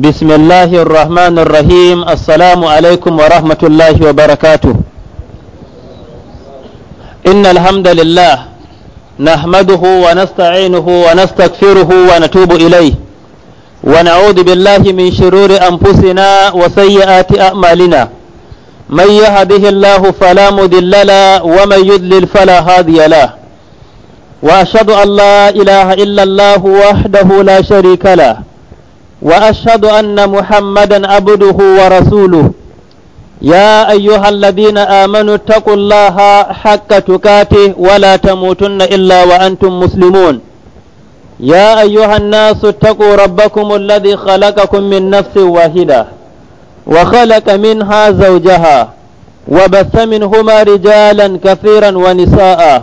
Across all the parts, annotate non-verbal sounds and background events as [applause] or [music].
بسم الله الرحمن الرحيم السلام عليكم ورحمة الله وبركاته إن الحمد لله نحمده ونستعينه ونستغفره ونتوب إليه ونعوذ بالله من شرور أنفسنا وسيئات أعمالنا من يهده الله فلا مضل له ومن يضلل فلا هادي له وأشهد أن لا إله إلا الله وحده لا شريك له وأشهد أن محمدا عبده ورسوله يا أيها الذين آمنوا اتقوا الله حق تكاته ولا تموتن إلا وأنتم مسلمون يا أيها الناس اتقوا ربكم الذي خلقكم من نفس واحدة وخلق منها زوجها وبث منهما رجالا كثيرا ونساء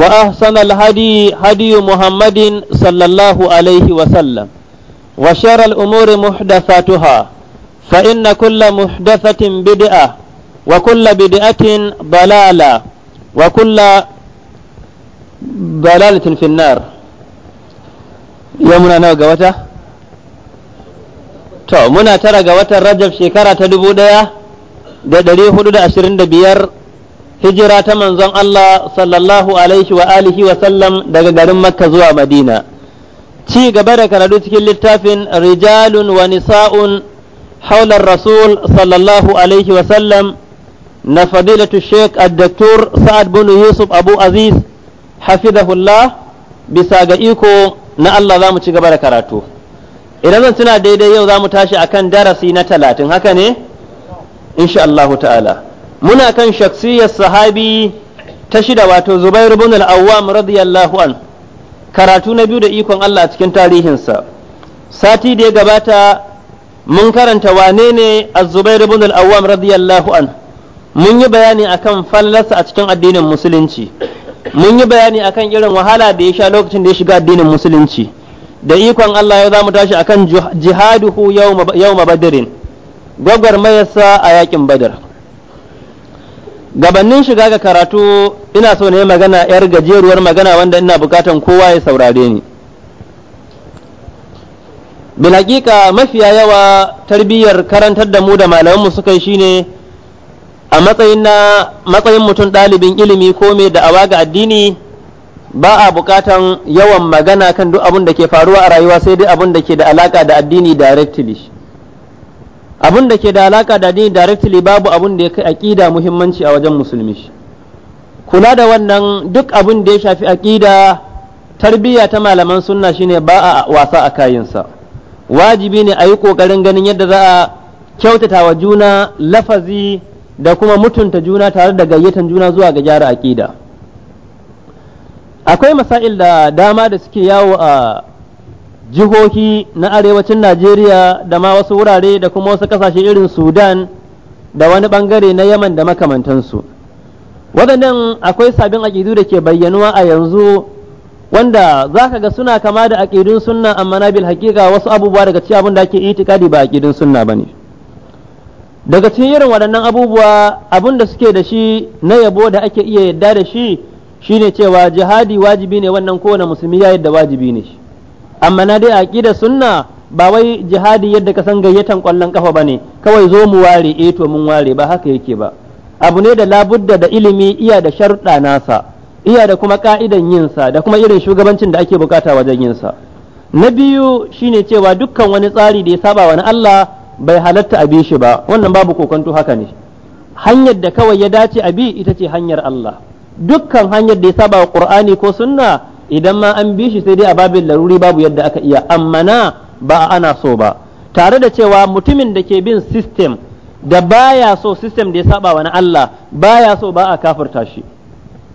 وأحسن الهدي هدي محمد صلى الله عليه وسلم وشر الأمور محدثاتها فإن كل محدثة بدعة وكل بدعة ضلالة وكل ضلالة في النار يومنا نوى قوته to muna tara ga watan rajab shekara ta dubu ɗaya da ɗari hudu da ashirin da biyar hijira ta manzon Allah sallallahu alaihi wa alihi wa sallam daga garin Makka zuwa Madina ci gaba da karatu cikin littafin rijalun wa nisa'un haular rasul sallallahu alaihi wa sallam na fadilatu Sheikh Ad-Daktur Sa'ad bin Yusuf Abu Aziz hafizahullah bisa ga iko na Allah zamu ci gaba da karatu idan zan tuna daidai yau za mu tashi akan darasi na talatin haka ne insha Allah ta'ala muna kan shaksiyar sahabi ta shida wato zubair bin al-awwam radiyallahu an karatu na biyu da ikon Allah cikin tarihinsa sati da ya gabata mun karanta wane ne az-zubair al-awwam radiyallahu an mun yi bayani akan fallarsa a cikin addinin musulunci mun yi bayani akan irin wahala da ya sha lokacin da ya shiga addinin musulunci da ikon Allah ya zamu tashi akan jihaduhu yawma badrin gwagwarmayarsa a yakin badar gabanin shiga ga karatu ina so ne magana yar gajeruwar magana wanda ina bukatan kowa ya saurare ni bil hakika mafiya yawa tarbiyyar karantar da mu da malamanmu suka yi shine a matsayin na matsayin mutum ɗalibin ilimi ko mai da'awa ga addini ba a bukatan yawan magana kan duk abin da ke faruwa a rayuwa sai dai abin da ke da alaka da addini directly abin da ke da alaka da ni directly babu abin da ya kai aƙida muhimmanci a wajen musulmi kula da wannan duk abin da ya shafi aƙida tarbiyya ta malaman sunna shine ba a wasa a kayinsa wajibi ne a yi ƙoƙarin ganin yadda za a kyautata wa juna lafazi da kuma mutunta juna tare da gayyatan juna zuwa ga gyara aƙida. akwai masail da dama da suke yawo a jihohi na arewacin Najeriya da ma wasu wurare da kuma wasu kasashe irin Sudan da wani bangare na Yaman da makamantansu. Waɗannan akwai sabbin aƙidu da ke bayyanuwa a yanzu wanda za ka ga suna kama da aƙidun sunna amma na hakika wasu abubuwa daga cikin abin da ake itikadi ba aƙidun sunna ba ne. Daga cikin irin waɗannan abubuwa abin da suke da shi na yabo da ake iya yadda da shi shine cewa jihadi wajibi ne wannan kowane musulmi ya yadda wajibi ne shi. amma na dai aqida sunna ba wai jihadi yadda ka san gayyatan kwallon kafa ne kawai zo mu ware eh to mun ware ba haka yake ba abu ne da labudda da ilimi iya da sharuɗa nasa iya da kuma ka'idan yinsa da kuma irin shugabancin da ake bukata wajen yinsa na biyu shine cewa dukkan wani tsari da ya saba wani Allah bai halatta bi shi ba wannan babu kokonto haka ne hanyar da kawai ya dace a bi ita ce hanyar Allah dukkan hanyar da ya saba wa Qur'ani ko sunna idan ma an bi shi sai dai a babin laruri babu yadda aka iya amma na ba a ana so ba tare da cewa mutumin da ke bin system da baya so system da ya saba wa na Allah baya so ba a kafirta shi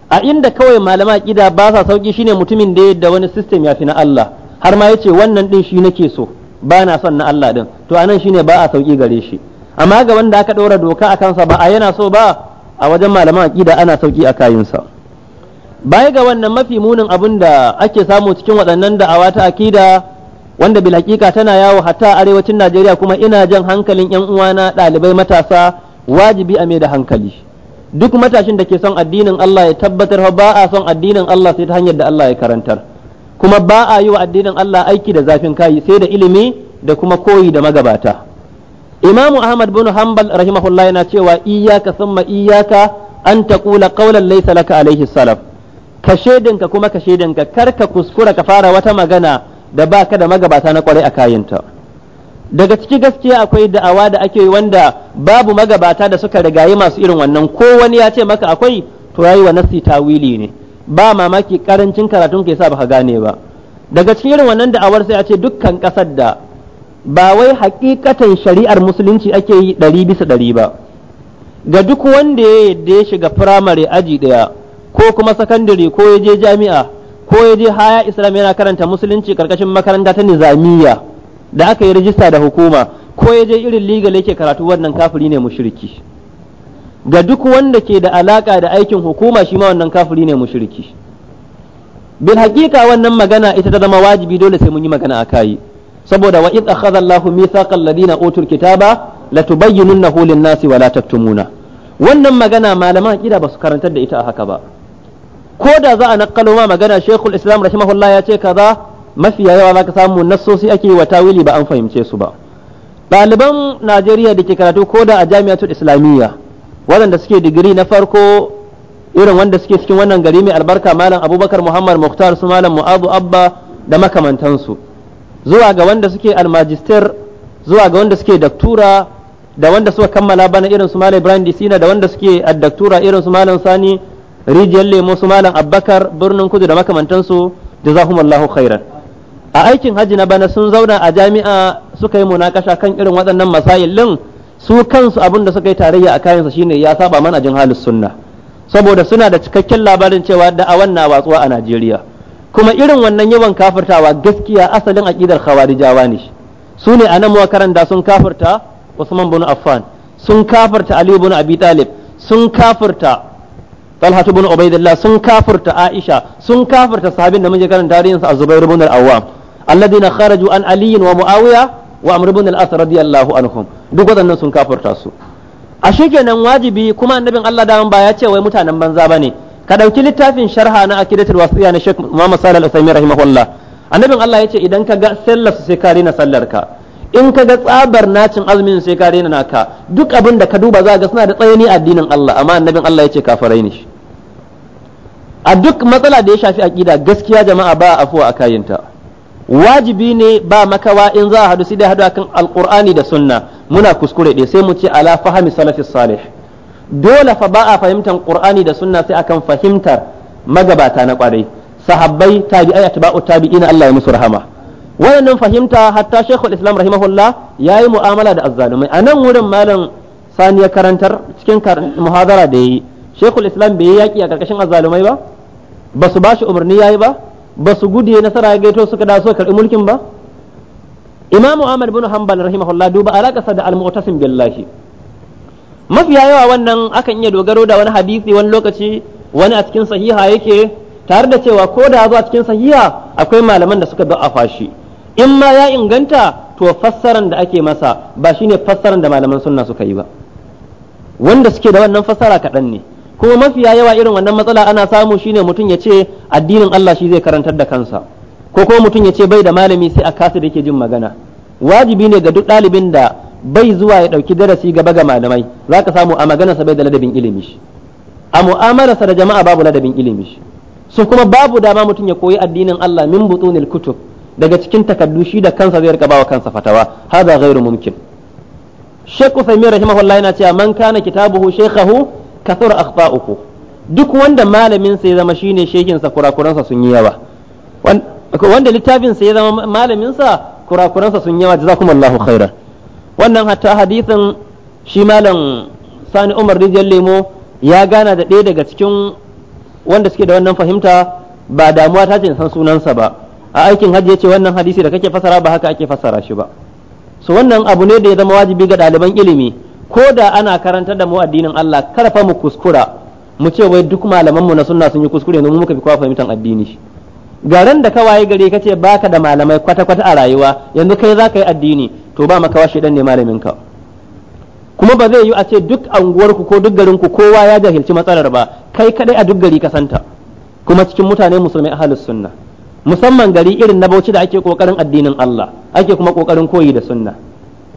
a inda kawai malama kida ba sa sauki shine mutumin da yadda wani system ya fi na Allah har ma yace wannan din shi nake so ba na son na Allah din to anan shine ba a sauki gare shi amma ga wanda aka ɗora doka a kansa ba a yana so ba a wajen malama kida ana sauki a kayinsa baya ga wannan mafi munin abin da ake samu cikin waɗannan da'awa ta akida wanda bil hakika tana yawo hatta arewacin Najeriya kuma ina jan hankalin yan uwana ɗalibai matasa wajibi a mai da hankali duk matashin da ke son addinin Allah ya tabbatar ba a son addinin Allah sai ta hanyar da Allah ya karantar kuma ba a yi wa addinin Allah aiki da zafin kayi sai da ilimi da kuma koyi da magabata imamu ahmad bin hanbal rahimahullah yana cewa iyyaka thumma iyyaka an taqula qawlan laysa laka alaihi salaf ka shaidinka kuma ka shaidinka kar ka kuskura ka fara wata magana da ba ka da magabata na kwarai a kayanta daga ciki gaskiya akwai da'awa da ake yi wanda babu magabata da suka rigayi masu irin wannan ko wani ya ce maka akwai to yayi wa nasi tawili ne ba mamaki karancin karatun ke sa baka gane ba daga cikin irin wannan da'awar sai a ce dukkan kasar da ba wai hakikatan shari'ar musulunci ake yi ɗari bisa ɗari ba ga duk wanda ya yadda ya shiga firamare aji ɗaya ko kuma sakandare ko ya je jami'a ko ya je haya islam yana karanta musulunci karkashin makaranta ta nizamiya da aka yi rijista da hukuma ko ya je irin legal yake karatu wannan kafiri ne mushriki ga duk wanda ke da alaka da aikin hukuma shi ma wannan kafiri ne mushriki bil haqiqa wannan magana ita ta zama wajibi dole sai mun yi magana akai saboda wa id akhadha Allahu mithaqal ladina utul kitaba latubayyinunahu lin-nasi wa la taktumuna wannan magana malaman aqida basu karantar da ita a haka ba ko da za a nakalo ma magana shekul islam rahimahullah ya ce kaza mafiya yawa za ka samu nassosi ake wa tawili ba an fahimce su ba ɗaliban najeriya da ke karatu ko da a jami'atul islamiyya waɗanda suke digiri na farko irin wanda suke cikin wannan gari mai albarka malam abubakar muhammad muhtar su malam mu'adu abba da makamantansu zuwa ga wanda suke almajistar zuwa ga wanda suke daktura da wanda suka kammala bana irin su malam ibrahim disina da wanda suke addaktura irin su malam sani rijiyar lemo su malam abbakar birnin kudu da makamantansu da lahu khairan a aikin hajji na bana sun zauna a jami'a suka yi muna kasha kan irin waɗannan masayin. din su kansu abin da suka yi tarayya a kayansa shine ya saba jin halin sunna saboda suna da cikakken labarin cewa da a wannan watsuwa a Najeriya kuma irin wannan yawan kafirtawa gaskiya asalin aƙidar khawarijawa ne su ne a anan makaranta sun kafirta Usman bin Affan sun kafirta aliyu bin Abi Talib sun kafirta Talha ibn ubaydillah sun kafirta Aisha sun kafirta sahabin da muke karanta tarihin sa Zubair ibn al-Awwam alladina kharaju an Ali wa Muawiya wa Amr ibn al-As radiyallahu anhum duk wadannan sun kafirta su ashe kenan wajibi kuma annabin Allah da ba ya ce wai mutanen banza bane ka dauki littafin sharha na akidatul wasiya na Sheikh Muhammad Salih Al-Uthaymeen rahimahullah annabin Allah ya ce idan ka ga sallar sai ka rena sallar ka in ka ga tsabar nacin azumin sai ka rena naka duk abin da ka duba za ga suna da tsayani addinin Allah amma annabin Allah ya ce kafirai ne a duk matsala da ya shafi aƙida gaskiya jama'a ba afuwa a kayanta wajibi ne ba makawa in za a hadu sai dai hadu akan alqur'ani da sunna muna kuskure ɗaya sai mu ce ala fahimi salafis salih dole fa ba a fahimtar qur'ani da sunna sai akan fahimtar magabata na kwarai sahabbai tabi'ai atba'u tabi'ina Allah ya musu rahama Wannan fahimta hatta shaykhul islam rahimahullah yayi mu'amala da azzalumai a nan wurin malam sani ya karantar cikin muhadara da yayi shaykhul islam bai yaki a karkashin azzalumai ba ba su ba shi umarni yi ba ba su gudu nasara ya gaito suka da suka karɓi mulkin ba Imam ahmad bin hanbal rahimahullah duba alaƙasa da almu'tasim billahi mafiya yawa wannan akan iya dogaro da wani hadisi wani lokaci wani a cikin sahiha yake tare da cewa ko da zuwa cikin sahiha akwai malaman da suka da'afa shi in ma ya inganta to fassaran da ake masa ba shine fassaran da malaman sunna suka yi ba wanda suke da wannan fassara kaɗan ne kuma mafiya yawa irin wannan matsala ana samu shine mutum ya ce addinin Allah shi zai karantar da kansa ko kuma mutum ya ce bai da malami sai a kasa da yake jin magana wajibi ne ga duk ɗalibin da bai zuwa ya ɗauki darasi gaba ga malamai za ka samu a maganarsa bai da ladabin ilimi shi a sa da jama'a babu ladabin ilimi shi su kuma babu dama mutum ya koyi addinin Allah min butunil kutub daga cikin takaddu shi da kansa zai rika bawa kansa fatawa hada ghairu mumkin Sheikh Uthaymeen rahimahullah yana cewa man kana kitabuhu shaykhahu kathura uku. duk wanda malamin sa ya zama shine shekin sa sa sun yi yawa wanda littafin sa ya zama malamin sa sa sun yi yawa jazakumullahu khaira wannan hatta hadisin shi malam Sani Umar Rijal Lemo ya gana da ɗaya daga cikin wanda suke da wannan fahimta ba damuwa ta ce san sunansa ba a aikin hajji ya ce wannan hadisi da kake fasara ba haka ake fasara shi ba so wannan abu ne da ya zama wajibi ga ɗaliban ilimi ko da ana karantar da mu addinin Allah kar fa mu kuskura mu ce wai duk malaman mu na sunna sun yi kuskure ne mu muka fi kowa fahimtar addini garan da ka waye gare ka ce baka da malamai kwata kwata a rayuwa yanzu kai za ka yi addini to ba maka washe dan ne malamin ka kuma ba zai yi a ce duk unguwarku ko duk garin ku kowa ya jahilci matsalar ba kai kadai a duk gari ka santa kuma cikin mutane musulmai ahlus sunna musamman gari irin na Bauchi da ake kokarin addinin Allah ake kuma kokarin koyi da sunna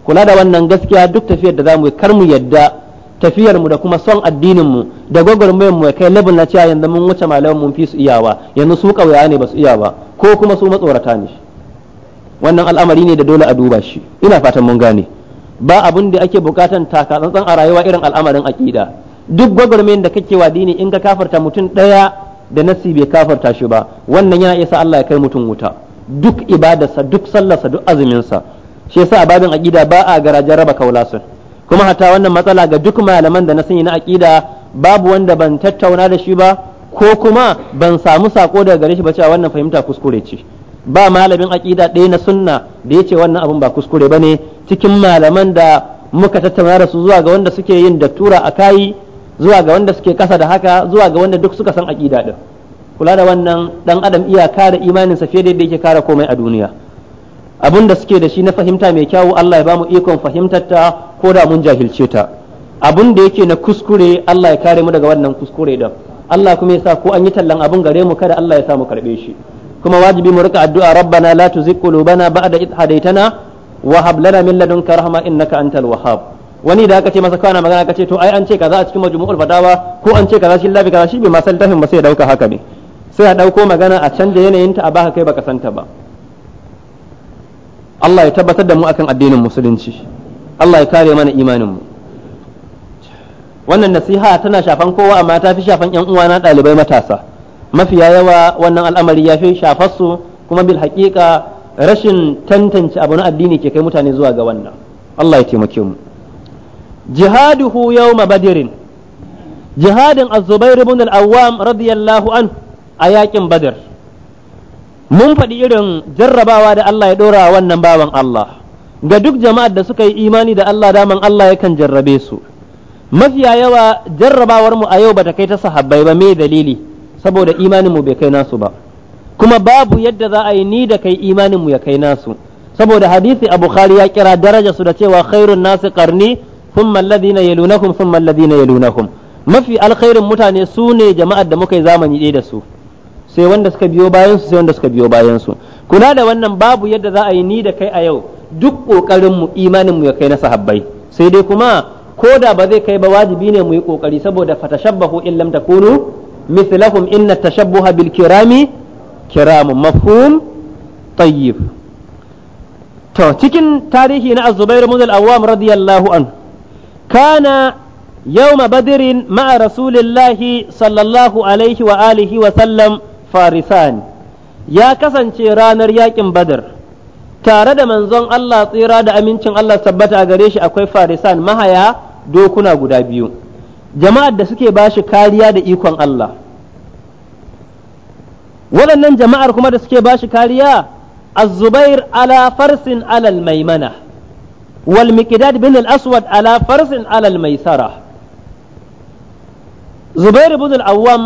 kula da wannan gaskiya duk tafiyar da za mu yi kar mu yadda tafiyar mu da kuma son addinin mu da gwagwarmayar mu ya kai labin na cewa yanzu mun wuce malaman mun fi su iyawa yanzu su kauya ne ba su iya ba ko kuma su matsorata ne wannan al'amari ne da dole a duba shi ina fatan mun gane ba abin da ake bukatan taka tsantsan a rayuwa irin al'amarin aqida duk gwagwarmayin da kake wa dini in ka kafarta mutum daya da nasi bai kafarta shi ba wannan yana isa Allah ya kai mutum wuta duk ibadarsa duk sallarsa duk azumin sa shi yasa a babin aqida ba a garajen raba sun. kuma hata wannan matsala ga duk malaman da na sani na aqida babu wanda ban tattauna da shi ba ko kuma ban samu sako daga gare shi ba cewa wannan fahimta kuskure ce ba malamin aqida ɗaya na sunna da yace wannan abun ba kuskure ba ne. cikin malaman da muka tattauna da su zuwa ga wanda suke yin da tura a kayi zuwa ga wanda suke kasa da haka zuwa ga wanda duk suka san aqida din kula da wannan dan adam iya kare imaninsa fiye da yake kare komai a duniya abin da suke da shi na fahimta mai kyawu Allah ya bamu ikon fahimtar ta ko da mun jahilce ta abin da yake na kuskure Allah ya kare mu daga wannan kuskure da Allah kuma ya sa ko an yi tallan abin gare mu kada Allah ya sa mu karbe shi kuma wajibi mu rika addu'a rabbana la tuzigh qulubana ba'da idh hadaytana wa hab lana min ladunka rahma innaka antal wahhab wani da aka ce masa kana magana kace to ai an ce kaza a cikin majmu'ul fatawa ko an ce kaza shi labi kaza shi bai masaltafin ba sai ya dauka haka ne sai a dauko magana a canja yanayinta a baka kai baka santa ba Allah ya tabbatar da mu akan addinin musulunci Allah ya kare mana imanin mu wannan nasiha tana shafan kowa amma ta fi shafan yan uwana ɗalibai matasa mafiya yawa wannan al'amari ya fi shafar su kuma bil haƙiƙa rashin tantance abu na addini ke kai mutane zuwa ga wannan Allah ya taimake mu jihaduhu yawma badirin jihadin az-zubair ibn al-awwam radiyallahu an a yaƙin badr mun faɗi irin jarrabawa da Allah ya ɗora wannan bawan Allah ga duk jama'ar da suka yi imani da Allah daman Allah yakan jarrabe su mafiya yawa jarrabawar mu a yau bata kai ta sahabbai ba me dalili saboda imanin bai kai nasu ba kuma babu yadda za a yi ni da kai imanin mu ya kai nasu saboda hadisi a bukhari ya kira daraja su da cewa khairun nasu karni thumma alladhina yalunakum thumma alladhina yalunakum mafi alkhairin mutane su ne jama'ar da muka yi zamani ɗaya da su sai wanda suka biyo bayan su sai wanda suka biyo bayan su kula da wannan babu yadda za a yi ni da kai a yau duk kokarin mu imanin mu ya kai na sahabbai sai dai kuma ko da ba zai kai ba wajibi ne mu yi kokari saboda fatashabbahu in lam takunu mislahum inna tashabbuha bil kirami kiramun mafhum tayyib to cikin tarihi na az-zubair ibn al-awwam radiyallahu an kana يوم بدر ma'a rasulillahi sallallahu alaihi wa alihi wa sallam. farisan ya kasance ranar yakin badar tare da manzon Allah tsira da amincin Allah tabbata a gare shi akwai farisan mahaya dokuna guda biyu jama'ar da suke bashi kariya da ikon Allah waɗannan jama'ar kuma da suke bashi kariya ala farsin الزبير bin al-aswad ala farsin بن الأسود على zubair ibn al-awwam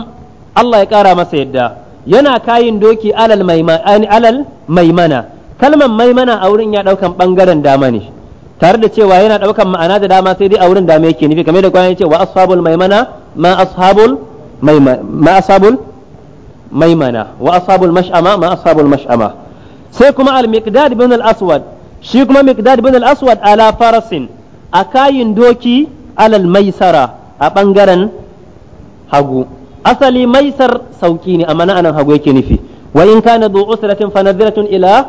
allah ya kara masa yadda. yana kayin doki alal maimana kalmar maimana a wurin ya ɗaukan ɓangaren dama ne tare da cewa yana ɗaukan ma'ana da dama sai dai a wurin dama yake nufi kamar da kwanan cewa ashabul maimana ma ashabul ma ashabul maimana wa ashabul mash'ama ma ashabul mash'ama sai kuma al miqdad ibn al aswad shi kuma miqdad ibn al aswad ala farasin a kayin doki alal maisara a ɓangaren hagu asali maisar sauki ne amma nan hagu yake nufi wa in kana du usratin fa nadhiratun ila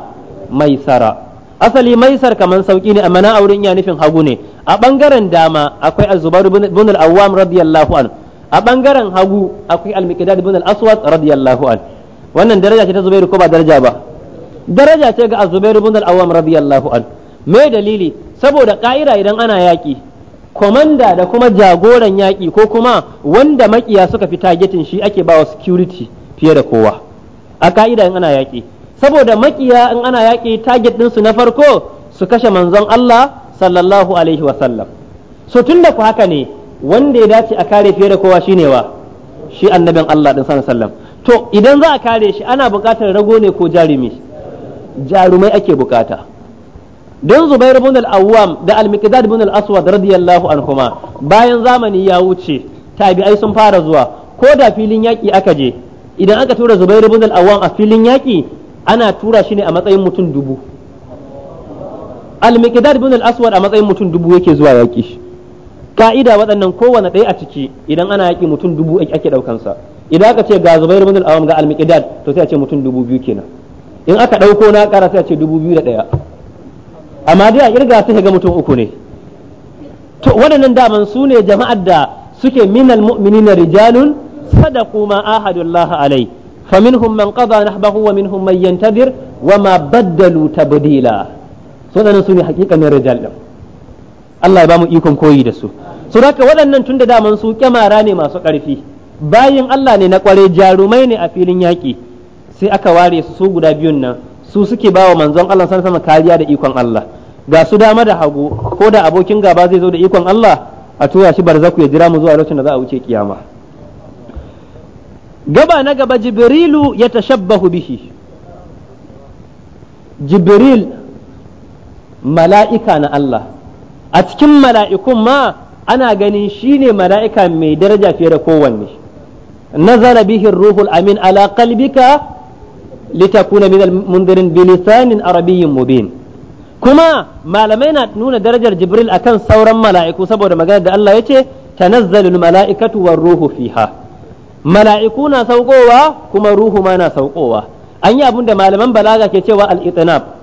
maisara asali maisar kaman sauki ne amma nan auren ya nufin hagu ne a bangaren dama akwai azubar ibn al-awwam radiyallahu an a bangaren hagu akwai al-miqdad ibn al-aswad radiyallahu an wannan daraja ce ta zubairu ko ba daraja ba daraja ce ga az ibn al-awwam radiyallahu an me dalili saboda ka'ira idan ana yaki komanda da kuma jagoran yaƙi ko kuma wanda makiya suka fi targetin shi ake bawa security fiye da kowa a ka'ida in ana yaƙi saboda makiya in ana yaƙi target ɗinsu na farko su kashe manzon Allah sallallahu alaihi wasallam so tun da ku haka ne wanda ya dace a kare fiye da kowa shine wa shi annabin Allah din sallallahu alaihi wasallam to idan za a kare shi ana buƙatar rago ne ko jarumi jarumai ake buƙata don zubair bin al-awwam da al-miqdad bin al-aswad radiyallahu anhuma bayan zamani ya wuce tabi'ai sun fara zuwa ko da filin yaki aka je idan aka tura zubair bin al-awwam a filin yaki ana tura shi ne a matsayin mutum dubu al-miqdad bin al-aswad a matsayin mutum dubu yake zuwa yaki ka'ida waɗannan kowane ɗaya a ciki idan ana yaki mutum dubu ake ɗaukansa idan aka ce ga zubair bin al-awwam ga al-miqdad to sai a ce mutum dubu biyu kenan in aka ɗauko na ƙara sai a ce dubu biyu da ɗaya amma dai a kirga sai ga mutum uku ne to waɗannan daman su ne jama'ar da suke minal mu'minina rijalun sadaqu ma ahadullahi alai fa minhum man qada nahbahu wa minhum man yantadir wa ma baddalu tabdila so dan su ne hakikanin rijal din Allah ya ba mu ikon koyi da su su raka waɗannan tunda daman su kyamara ne masu ƙarfi bayin Allah ne na kware jarumai ne a filin yaƙi sai aka ware su su guda biyun nan su suke bawa manzon Allah sallallahu alaihi wasallam kariya da ikon Allah ga su dama da hagu ko da abokin gaba zai zo da ikon Allah a tura shi barzaku ya jira mu zuwa lokacin da za a wuce kiyama gaba na gaba jibrilu ya tashabbahu bihi jibril mala'ika na Allah a cikin mala'ikun ma ana ganin shine mala'ika mai daraja fiye da kowanne nazara bihin ruhul amin ala qalbika litakuna min al-mundirin bilisanin arabiyyin mubin kuma malamai na nuna darajar jibril akan sauran mala'iku saboda magana da Allah yace tanazzalul mala'ikatu war ruhu fiha mala'iku na saukowa kuma ruhu ma na saukowa an yi abin da malaman balaga ke cewa al-itinab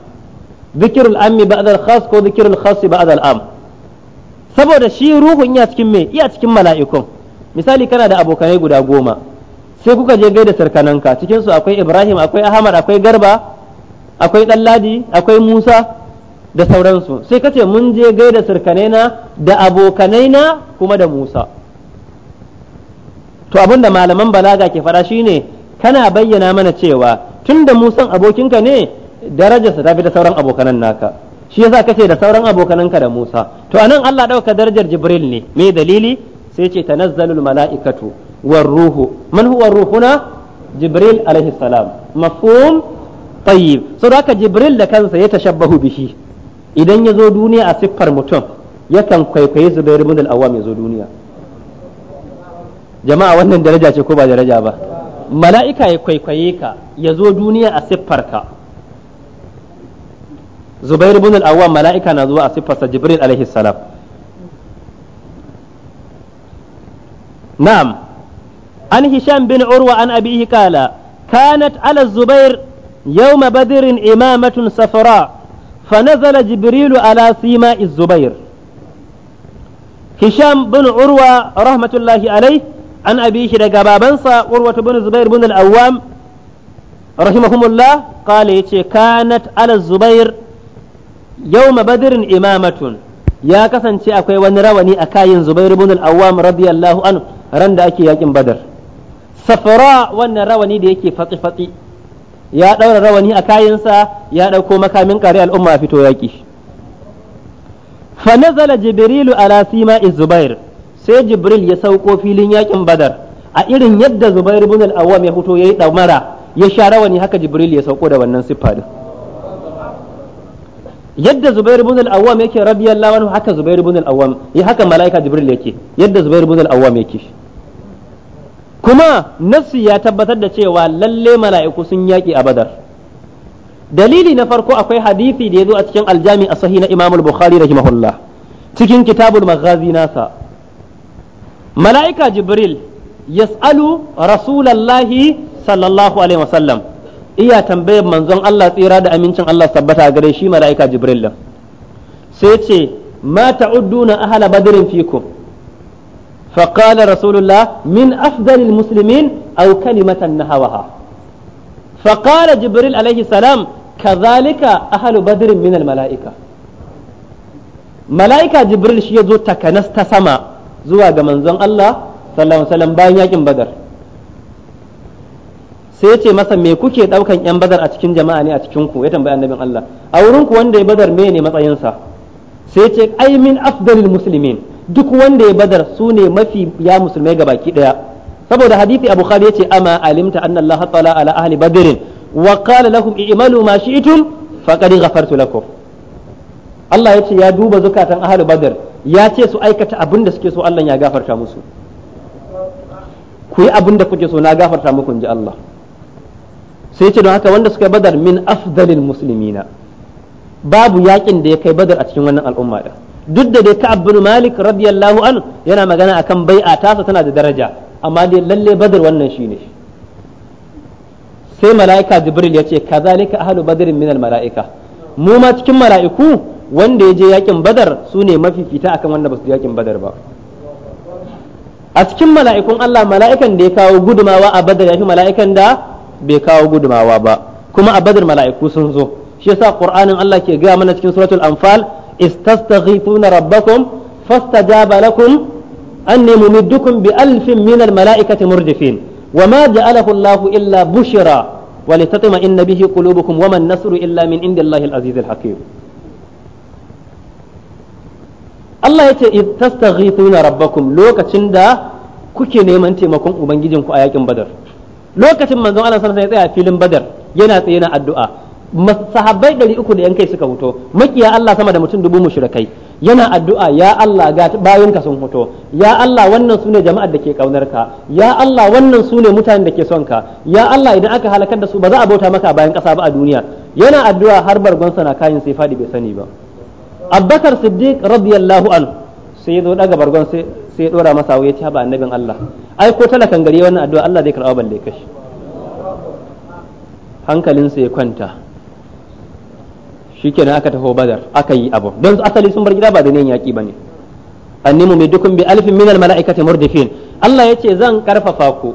dhikrul ammi ba'da al-khas ko dhikrul khas ba'da al-am saboda shi ruhun ya cikin me iya cikin mala'ikun misali kana da abokanai guda goma sai kuka je gaida sarkananka cikin su akwai Ibrahim akwai Ahmad akwai Garba akwai Dalladi akwai Musa da sauransu sai kace mun je gaida sirkanai na da abokanai na kuma da Musa to abinda malaman balaga ke fara shine kana bayyana mana cewa tunda Musan abokinka ne darajarsa ta fi da sauran abokanan naka shi yasa kace da sauran abokananka da Musa to anan Allah dauka darajar Jibril ne me dalili sai ce tanazzalul mala'ikatu war ruhu man huwa ruhuna Jibril alaihi salam mafhum tayyib saboda haka Jibril da kansa ya tashabbahu bihi idan ya zo duniya a siffar mutum yakan kwaikwayi zubairu bin al ya zo duniya jama'a wannan daraja ce ko ba daraja ba mala'ika ya kwaikwaye ka ya zo duniya a siffar ka zubairu bin al mala'ika na zuwa a siffarsa jibril alaihi salam na'am an hisham bin urwa an abihi kala kanat ala zubair yawma badrin imamatun safara فنزل جبريل على سيماء الزبير هشام بن عروة رحمة الله عليه عن أبيه دقى بابنسا عروة بن الزبير بن الأوام رحمهم الله قال يتي كانت على الزبير يوم بدر إمامة يا كسن تي أكوي ونروني أكاين زبير بن الأوام رضي الله عنه رند أكي يكين بدر safara wannan rawani da yake fatsi-fatsi ya ɗaura rawani a kayansa ya ɗauko makamin kare al'umma fito yaƙi fa nazala jibrilu ala sima zubair sai jibril ya sauko filin yaƙin badar a irin yadda zubair ibn al-awwam ya fito yayi ɗaumara ya sha rawani haka jibril ya sauko da wannan siffa din yadda zubair ibn al-awwam yake radiyallahu anhu haka zubair ibn al-awwam ya haka malaika jibril yake yadda zubair ibn al-awwam yake kuma nafsi ya tabbatar da cewa lalle mala'iku sun yaƙi a badar dalili na farko akwai hadisi da ya zo a cikin aljami a sahi na imamul bukhari rahimahullah cikin kitabul maghazi nasa mala'ika jibril yas'alu rasulallahi sallallahu alaihi wasallam iya tambayar manzon Allah tsira da amincin Allah tabbata gare shi mala'ika jibril sai ce ma ta'udduna ahla badrin fikum فقال رسول الله من أفضل المسلمين أو كلمة نحوها فقال جبريل عليه السلام كذلك أهل بدر من الملائكة ملائكة جبريل شيء زو تكنس تسمى زوا منزون الله صلى الله عليه وسلم باين يكن بدر sai ya ce masa me kuke daukan yan badar a cikin jama'a ne a cikin ku ya tambaya annabin Allah a wurin ku wanda ya badar me ne matsayinsa sai ce ai min afdalil muslimin duk wanda ya badar su ne mafi ya musulmai gabaki daya saboda hadisi abu khari yace ama alimta anna allaha tala ala ahli badr wa qala lahum i'malu ma shi'tum faqad ghafartu lakum Allah yace ya duba zukatan ahli badr ya ce su aikata abin da suke so Allah ya gafarta musu ku yi abin da kuke so na gafarta muku inji Allah sai ce don haka wanda suka badar min afdalil muslimina babu yakin da ya kai badar a cikin wannan al'umma din duk da dai ka'ab bin malik radiyallahu an yana magana akan bai'a tasa tana da daraja amma dai lalle badar wannan shine sai mala'ika jibril ya ce kazalika ahlu badrin minal mala'ika mu ma cikin mala'iku wanda ya je yakin badar su ne mafifita akan wanda ba su yakin badar ba a cikin mala'ikun Allah mala'ikan da ya kawo gudumawa a badar ya fi mala'ikan da bai kawo gudumawa ba kuma a badar mala'iku sun zo shi yasa qur'anin Allah ke gaya mana cikin suratul anfal istastaghifuna rabbakum fastajaba lakum anni mumiddukum bi alfin min al malaikati murdifin wama ja'alahu Allah illa bushra ولتطمئن به قلوبكم وما illa min من عند الله العزيز الحكيم Allah ya ce tastaghithuna rabbakum lokacin da kuke neman taimakon ubangijinku a yakin badar lokacin manzon Allah sallallahu alaihi wasallam ya tsaya filin badar yana tsaye na addu'a ɗari uku da yankai suka hoto makiya Allah sama da mutum dubu mushrikai yana addu'a ya Allah ga ka sun hoto ya Allah wannan sune jama'ar da ke kaunar ka ya Allah wannan sune mutanen da ke son ka ya Allah idan aka halakar da su ba za a bauta maka bayan ƙasa ba a duniya yana addu'a har bargon sana kayan sai fadi bai sani ba Abubakar Siddiq radiyallahu anhu sai ya zo daga bargon sai sai ya dora masa ya ci haba annabin Allah ai ko talakan gari wannan addu'a Allah zai karɓa balle kashi hankalinsa ya kwanta shikenan aka taho badar aka yi abu don asali sun bar gida ba da niyan yaki bane annimu mai dukun bi alfin min al mala'ikati murdifin Allah yace zan karfafa ku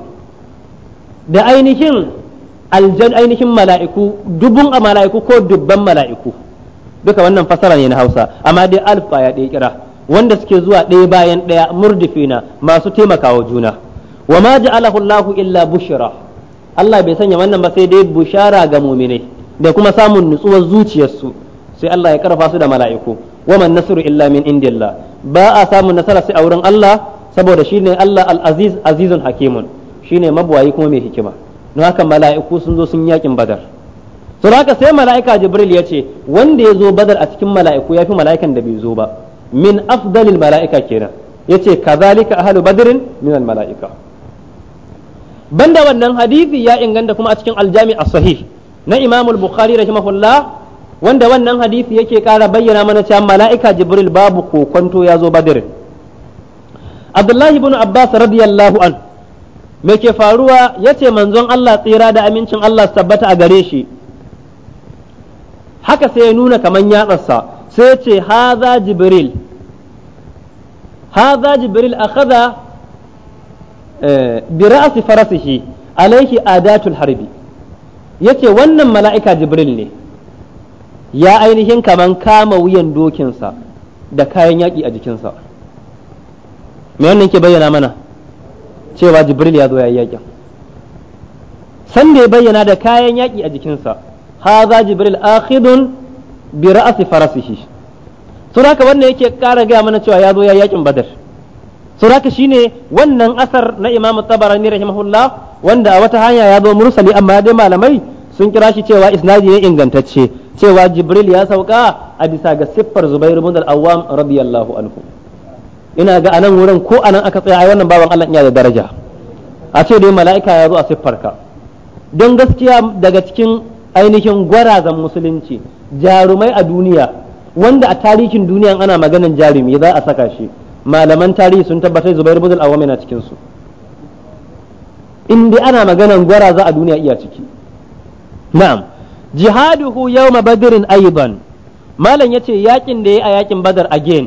da ainihin aljan ainihin mala'iku dubun a mala'iku ko dubban mala'iku duka wannan fasara ne na Hausa amma dai alfa ya ɗaya kira wanda suke zuwa ɗaya bayan ɗaya murdifina masu taimakawa juna wa ma ja'alahu Allahu illa bushra Allah bai sanya wannan ba sai dai bushara ga mu'minai da kuma samun nutsuwar zuciyarsu sai Allah ya karfa su da mala'iku waman nasru illa min indillah ba a samun nasara sai a wurin Allah saboda shine Allah al-aziz azizun hakimun shine mabwayi kuma mai hikima don haka mala'iku sun zo sun yakin badar to haka sai mala'ika jibril ya ce wanda ya zo badar a cikin mala'iku ya fi mala'ikan da bai zo ba min afdalil mala'ika kenan yace kazalika ahlu badrin min al mala'ika banda wannan hadisi ya inganta kuma a cikin aljami as-sahih na Imam al-Bukhari rahimahullah wanda wannan hadisi yake kara bayyana mana cewa mala'ika Jibril babu kokonto ya zo Badr Abdullahi ibn Abbas radiyallahu an me ke faruwa yace manzon Allah tsira da amincin Allah tabbata a gare shi haka sai ya nuna kaman yatsarsa sai ya ce haza Jibril haza Jibril akhadha eh, bi ra'si farasihi alaihi adatul harbi yace wannan mala'ika jibril ne ya ainihin kaman kama wuyan dokinsa da kayan yaƙi a jikinsa me wannan ke bayyana mana cewa jibril ya zo ya yi yaƙin sanda ya bayyana da kayan yaƙi a jikinsa haza jibril akhidun bi ra'si farasihi sun haka wannan yake ƙara gaya mana cewa ya zo ya yi yaƙin badar sauraka shine wannan asar na imam tabarani rahimahullah wanda a wata hanya ya zo mursali amma dai malamai sun kira shi cewa isnadi ne ingantacce cewa jibril ya sauka a bisa ga siffar zubair ibn al-awwam radiyallahu anhu ina ga anan wurin ko anan aka tsaya ai wannan baban Allah ya da daraja a ce dai mala'ika ya zo a siffarka don gaskiya daga cikin ainihin gwarazan musulunci jarumai a duniya wanda a tarihin duniya ana maganin jarumi za a saka shi malaman tarihi sun tabbatar zubair bin al-awwam yana cikin su indai ana maganan gwaraza a duniya iya ciki na'am jihaduhu yawma badrin aidan malam yace yakin da yayi a yakin badar again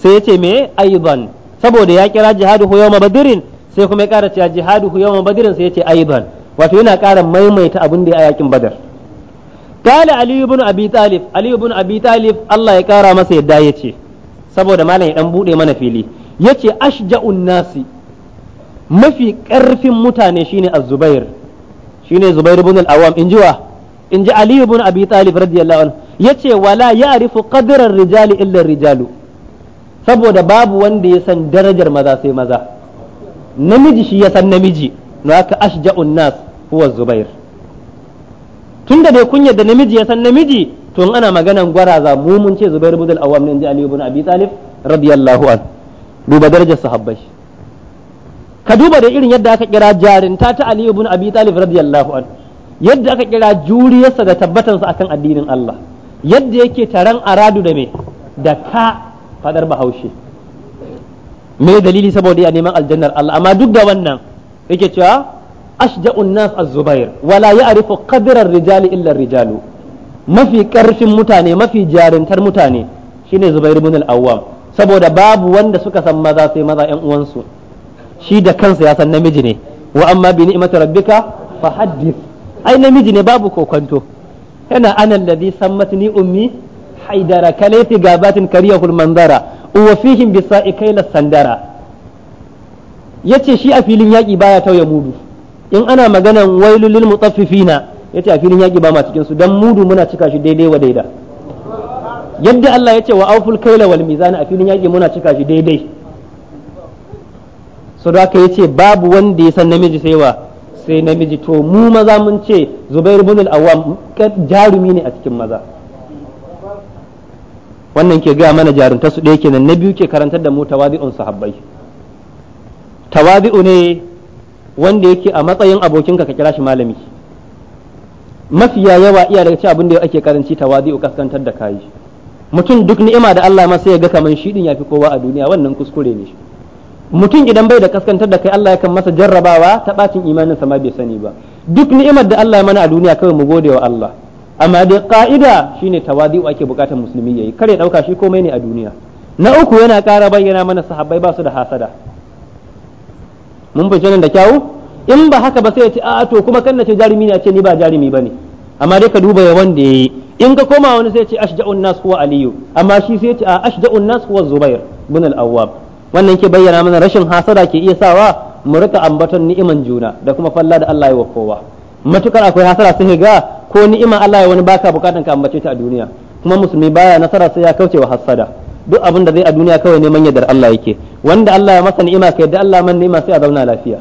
sai yace me aidan saboda ya kira jihaduhu yawma badrin sai kuma ya kara cewa jihaduhu yawma badrin sai yace aidan wato yana kara maimaita abin da a yakin badar قال علي بن أبي طالب علي بن Allah طالب الله masa سيدا يتي saboda malam ya dan bude mana fili yace ashja'un nasi mafi karfin mutane shine az-zubair shine zubair ibn al awam inji wa inji ali ibn abi talib radiyallahu anhu yace wala ya'rifu qadra ar-rijali illa ar-rijalu saboda babu wanda ya san darajar maza sai maza namiji shi ya san namiji no aka ashja'un nas huwa zubair tunda dai kunya da namiji ya san namiji tun ana maganan gwaraza mu mun ce Zubairu ibn al ne Ali ibn Abi Talib radiyallahu an duba darajar sahabbai ka duba da irin yadda aka kira jarinta ta Ali ibn Abi Talib radiyallahu an yadda aka kira juriyarsa da sa akan addinin Allah yadda yake taran aradu da me da ka fadar bahaushe me dalili saboda ya neman aljannar Allah amma duk da wannan yake cewa ashja'un nas az-zubair wala ya'rifu qadra ar-rijali illa ar-rijalu mafi karfin mutane mafi jarintar mutane shine zubair ibn al-awwam saboda babu wanda suka san maza sai maza yan uwansu shi da kansa ya san namiji ne wa amma bi ni'mati rabbika fa haddith ai namiji ne babu kokonto yana ana alladhi sammatni ummi haidara kalefi gabatin kariyahul manzara uwa fihim bisa ikaila sandara yace shi a filin yaƙi baya tauye mudu in ana maganan wailulil mutaffifina yace a filin yaki ba ma cikin su dan mudu muna cika shi daidai wa daida yadda Allah ya ce wa auful kaila wal mizani a filin yaki muna cika shi daidai so da ya ce babu wanda ya san namiji sai wa sai namiji to mu maza mun ce Zubair bin al-Awwam jarumi ne a cikin maza wannan ke gaya mana jarunta su ɗaya kenan na biyu ke karantar da mu tawazi'un sahabbai tawazi'u ne wanda yake a matsayin abokinka ka kira shi malami mafiya yawa iya daga cikin abin da ake karanci tawazi'u kaskantar da kayi mutum duk ni'ima da Allah ma sai ya ga kaman shi din yafi kowa a duniya wannan kuskure ne mutum idan bai da kaskantar da kai Allah yakan masa jarrabawa ta bacin imanin sama bai sani ba duk ni'imar da Allah ya mana a duniya kawai mu gode wa Allah amma dai ka'ida shine tawazi'u ake bukatar musulmi yayi kare dauka shi komai ne a duniya na uku yana kara bayyana mana sahabbai ba su da hasada mun fice nan da kyau. in ba haka ba sai ya ce a'a to kuma kan na ce jarumi ne a ce ni ba jarumi ba ne amma dai ka duba ya wanda ya yi in ka koma wani sai ya ce ashja'un nas huwa aliyu amma shi sai ya ce a ashja'un nas huwa zubair bin al wannan ke bayyana mana rashin hasada ke iya sawa mu rika ambaton ni'iman juna da kuma falla da Allah ya wa kowa matukar akwai hasara sai ga ko ni'ima Allah ya wani baka bukatan ka ambace ta a duniya kuma musulmi baya nasara sai ya kauce wa hasada duk abin da zai a duniya kawai neman yadda Allah yake wanda Allah ya masa ni'ima kai da Allah man ni'ima sai a zauna lafiya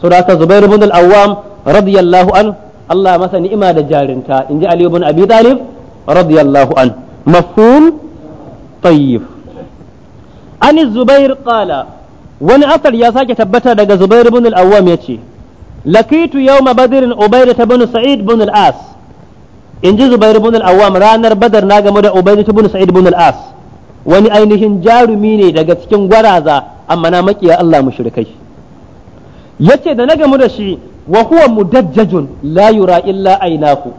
suraka zubair ibn al-awwam radiyallahu an Allah masa ni'ima da jarinta inji ali ibn abi talib radiyallahu an mafhum tayyib an zubair qala wani asar ya sake tabbata daga zubair ibn al-awwam yace lakitu yawma badrin ubaydah ibn sa'id ibn al-as inji zubair ibn al-awwam ranar badar na game da ubaydah ibn sa'id ibn al-as wani ainihin jarumi ne daga cikin gwaraza amma na makiya Allah mushrikai yace da na gamu da shi wa huwa mudajjajun la yura illa ainaku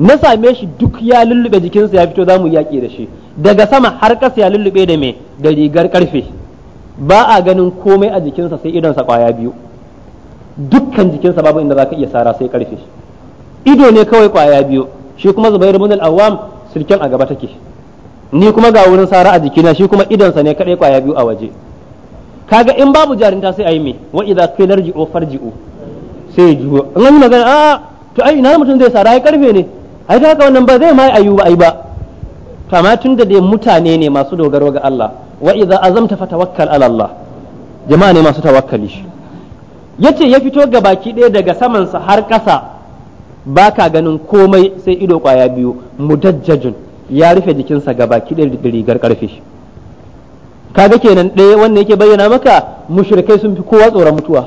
na same shi duk ya lullube jikinsa ya fito za mu yaƙi da shi daga sama har kasa ya lullube da me da rigar karfe ba a ganin komai a jikinsa sai idonsa ƙwaya biyu dukkan jikinsa babu inda za ka iya sara sai ƙarfe ido ne kawai ƙwaya biyu shi kuma zubairu bin al-awwam a gaba take ni kuma ga wurin sara a jikina shi kuma idonsa ne kaɗai kwaya biyu a waje kaga in babu jarinta sai ayi me wa idza qila rji'u farji'u sai juwa in an magana a to ai ina mutum zai sara ai karfe ne ai haka wannan ba zai mai ayuba ai ba kama tunda da dai mutane ne masu dogaro ga Allah wa idza azamta fatawakkal ala Allah jama'a ne masu tawakkali shi yace ya fito ga baki ɗaya daga saman sa har ƙasa baka ganin komai sai ido kwaya biyu mudajjajun ya rufe jikinsa ga baki ɗaya da rigar karfe shi kaga kenan ɗaya wannan yake bayyana maka mushrikai sun fi kowa tsoron mutuwa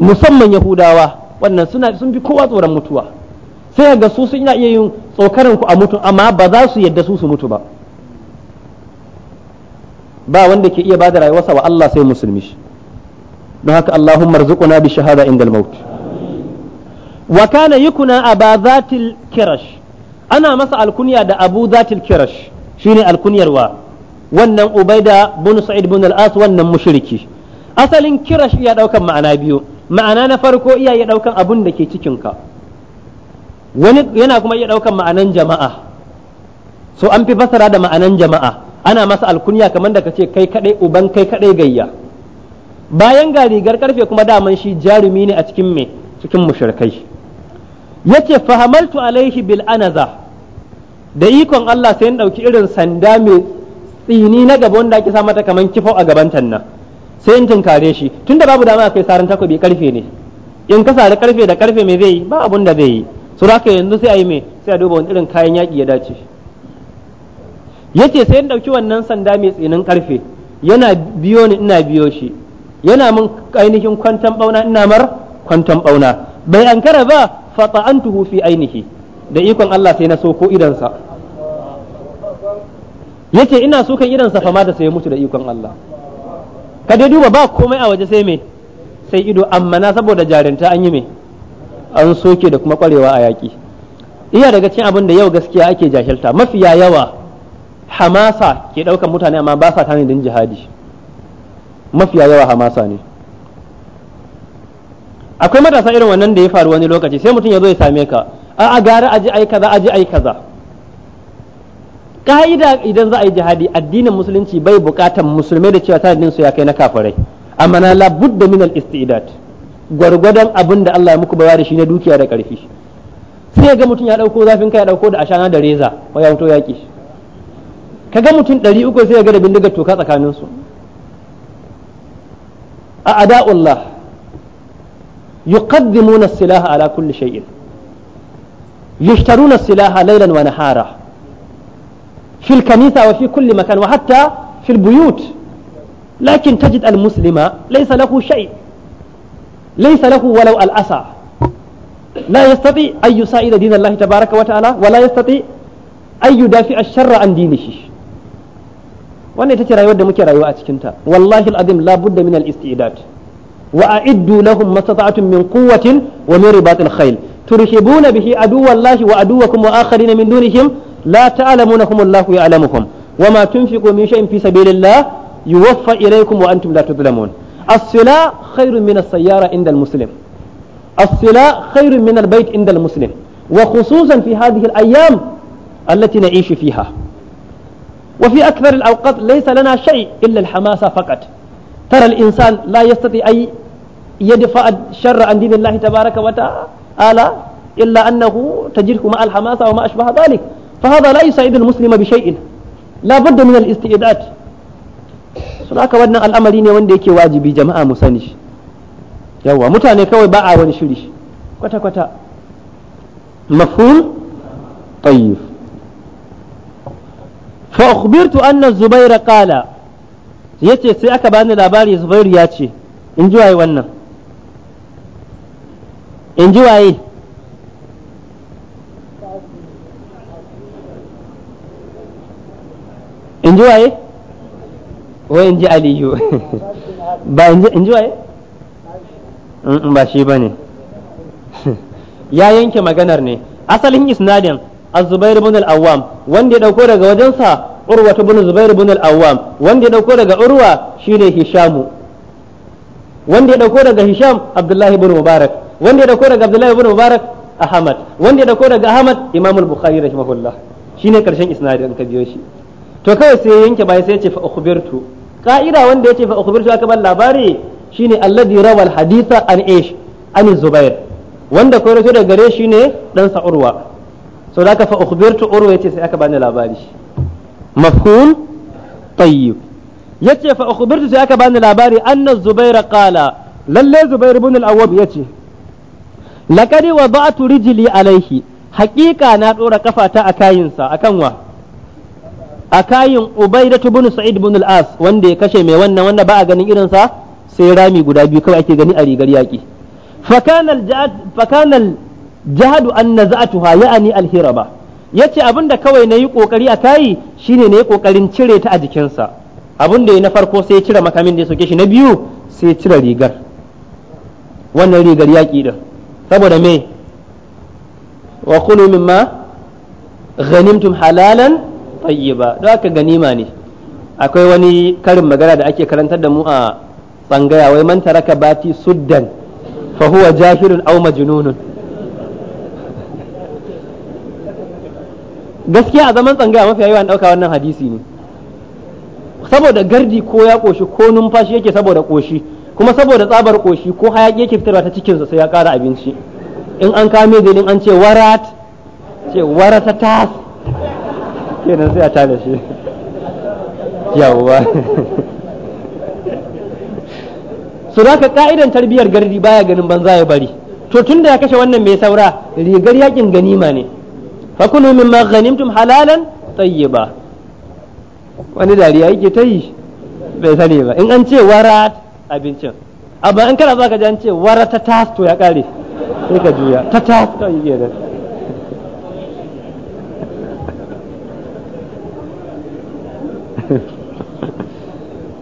musamman yahudawa wannan suna sun fi kowa tsoron mutuwa sai ga su sun iya yin tsokarin ku a mutu amma ba za su yadda su su mutu ba ba wanda ke iya bada rayuwarsa wa Allah sai musulmi shi don haka Allahumma rzuquna bi shahada indal maut wa kana yukuna aba kirash ana masa alkunya da abu zatil kirash shine alkunyar wa wannan ubaida bin sa'id bin al-as wannan mushriki asalin shi iya daukan ma'ana biyu ma'ana na farko iya ya daukan abun da ke cikin ka wani yana kuma iya daukan ma'anan jama'a so an fi fasara da ma'anan jama'a ana masa alkunya kamar da kace kai kadai uban kai kadai gayya bayan ga rigar karfe kuma daman shi jarumi ne a cikin me cikin mushrikai yace fahamaltu alaihi bil anaza da ikon Allah sai in dauki irin sanda mai tsini na gaba wanda ake samata kamar kaman kifo a gaban nan sai in tunkare shi tun da babu dama kai saran takobi karfe ne in ka sari karfe da karfe mai zai yi ba abun da zai yi su haka yanzu sai a yi mai sai a duba wani irin kayan yaƙi ya dace yace sai in ɗauki wannan sanda mai tsinin karfe yana biyo ni ina biyo shi yana min ainihin kwantan bauna ina mar kwantan bauna bai ankara ba fata'antuhu fi ainihi da ikon Allah sai na so ko idansa yace ina so kan idan safama da sai mutu da ikon Allah ka dai duba ba komai a waje sai me sai ido amma na saboda jarinta an yi me an soke da kuma kwarewa a yaki iya daga cikin abin da yau gaskiya ake jahilta mafiya yawa hamasa ke daukan mutane amma ba sa tanadin jihadi mafiya yawa hamasa ne akwai matasa irin wannan da ya faru wani lokaci sai mutum ya zo ya same ka a gara aji aikaza. aji kaza ka'ida idan za a yi jihadi addinin musulunci bai bukatan musulmai da cewa sanadin su ya kai na kafirai amma na labudda min al-istidat gwargwadon abin da Allah ya muku bayar shi na dukiya da karfi sai ga mutum ya dauko zafin kai ya dauko da ashana da reza ko ya fito yaki kaga mutum 300 sai ya ga da bindigar toka tsakanin su a ada'ullah yuqaddimuna as-silaha ala kulli shay'in yashtaruna as-silaha laylan wa nahara في الكنيسة وفي كل مكان وحتى في البيوت لكن تجد المسلم ليس له شيء ليس له ولو ا لا يستطيع أن ن يساعد دين الله تبارك وتعالى ولا يستطيع أن يدافع الشر عن دينه وانا تترى يود مك رايواتي كنت والله العظيم لا بد من الاستعداد وأعدوا لهم ما استطعتم من قوة و ة ومن رباط الخيل ترهبون به عدو الله وعدوكم وآخرين من دونهم لا تعلمونهم الله يعلمكم وما تنفقوا من شيء في سبيل الله يوفى إليكم وأنتم لا تظلمون الصلاة خير من السيارة عند المسلم الصلاة خير من البيت عند المسلم وخصوصا في هذه الأيام التي نعيش فيها وفي أكثر الأوقات ليس لنا شيء إلا الحماسة فقط ترى الإنسان لا يستطيع أن يدفع الشر عن دين الله تبارك وتعالى إلا أنه تجده مع الحماسة وما أشبه ذلك فهذا لا يساعد المسلم بشيء لا بد من الاستعداد sunaka wannan al'amari ne wanda yake wajibi jama'a mu sani shi yawa mutane kawai ba a wani shiri kwata kwata mafhum tayyib fa ukhbirtu anna zubair qala yace sai aka bani labari zubairu ya ce in ji waye wannan in ji waye in ji waye wai in ji aliyu ba in ji waye mm, mm, ba shi ba ne [laughs] ya yanke maganar ne asalin isnadin az bin ibn al-awwam wanda ya dauko daga wajensa urwa ta zubair Zubairu al-awwam wanda ya dauko daga urwa shine hishamu wanda ya dauko daga hisham abdullahi bin mubarak wanda ya dauko daga abdullahi bin mubarak ahmad wanda ya dauko daga ahmad imamul bukhari rahimahullah shine karshen isnadin ka biyo shi to kawai sai yanke bai sai ce fa ukhbirtu ka'ida wanda yace fa ukhbirtu aka bar labari shine alladhi rawal haditha an ish an zubair wanda ko rawaito daga gare shi ne dan sa urwa so da ka fa ukhbirtu urwa yace sai aka bani labari mafhum tayyib yace fa ukhbirtu sai aka bani labari anna zubair qala lalle zubair ibn al-awwab yace laqad wada'tu rijli alayhi haqiqa na dora kafata a kayinsa akan wa a kayin da bin sa'id bin al'as wanda ya kashe mai wannan wanda ba a ganin irinsa, sai rami guda biyu kawai ake gani a rigar yaƙi. fakanal an na za a naza'atuha ya'ani ba ya yace abinda kawai na yi kokari a kayi shine ne kokarin cire ta a jikinsa abinda ya na farko sai cire makamin da ya soke shi na biyu sai ya cire rigar wannan rigar yaƙi din saboda me wa kulu mimma ghanimtum halalan tayyiba don haka ganima ne akwai wani karin magana da ake karantar da mu a tsangaya wai man taraka bati suddan fa huwa jahilun aw majnunun gaskiya a zaman tsangaya mafi yawa an dauka wannan hadisi ne saboda gardi ko ya koshi ko numfashi yake saboda koshi kuma saboda tsabar koshi ko hayaki yake fitarwa ta cikinsa sai ya kara abinci in an kame dalin an ce warat ce warata tas kenan sai a tare shi yawwa su da ka ka'idan tarbiyyar gardi baya ganin banza ya bari to tun da ya kashe wannan mai saura rigar yakin ganima ne hakuna min ma ghanimtum halalan tayyiba wani dariya yake ta yi bai sani ba in an ce wara abincin amma in kana zaka ji an ce wara ta tas to ya kare sai ka juya ta tas to yi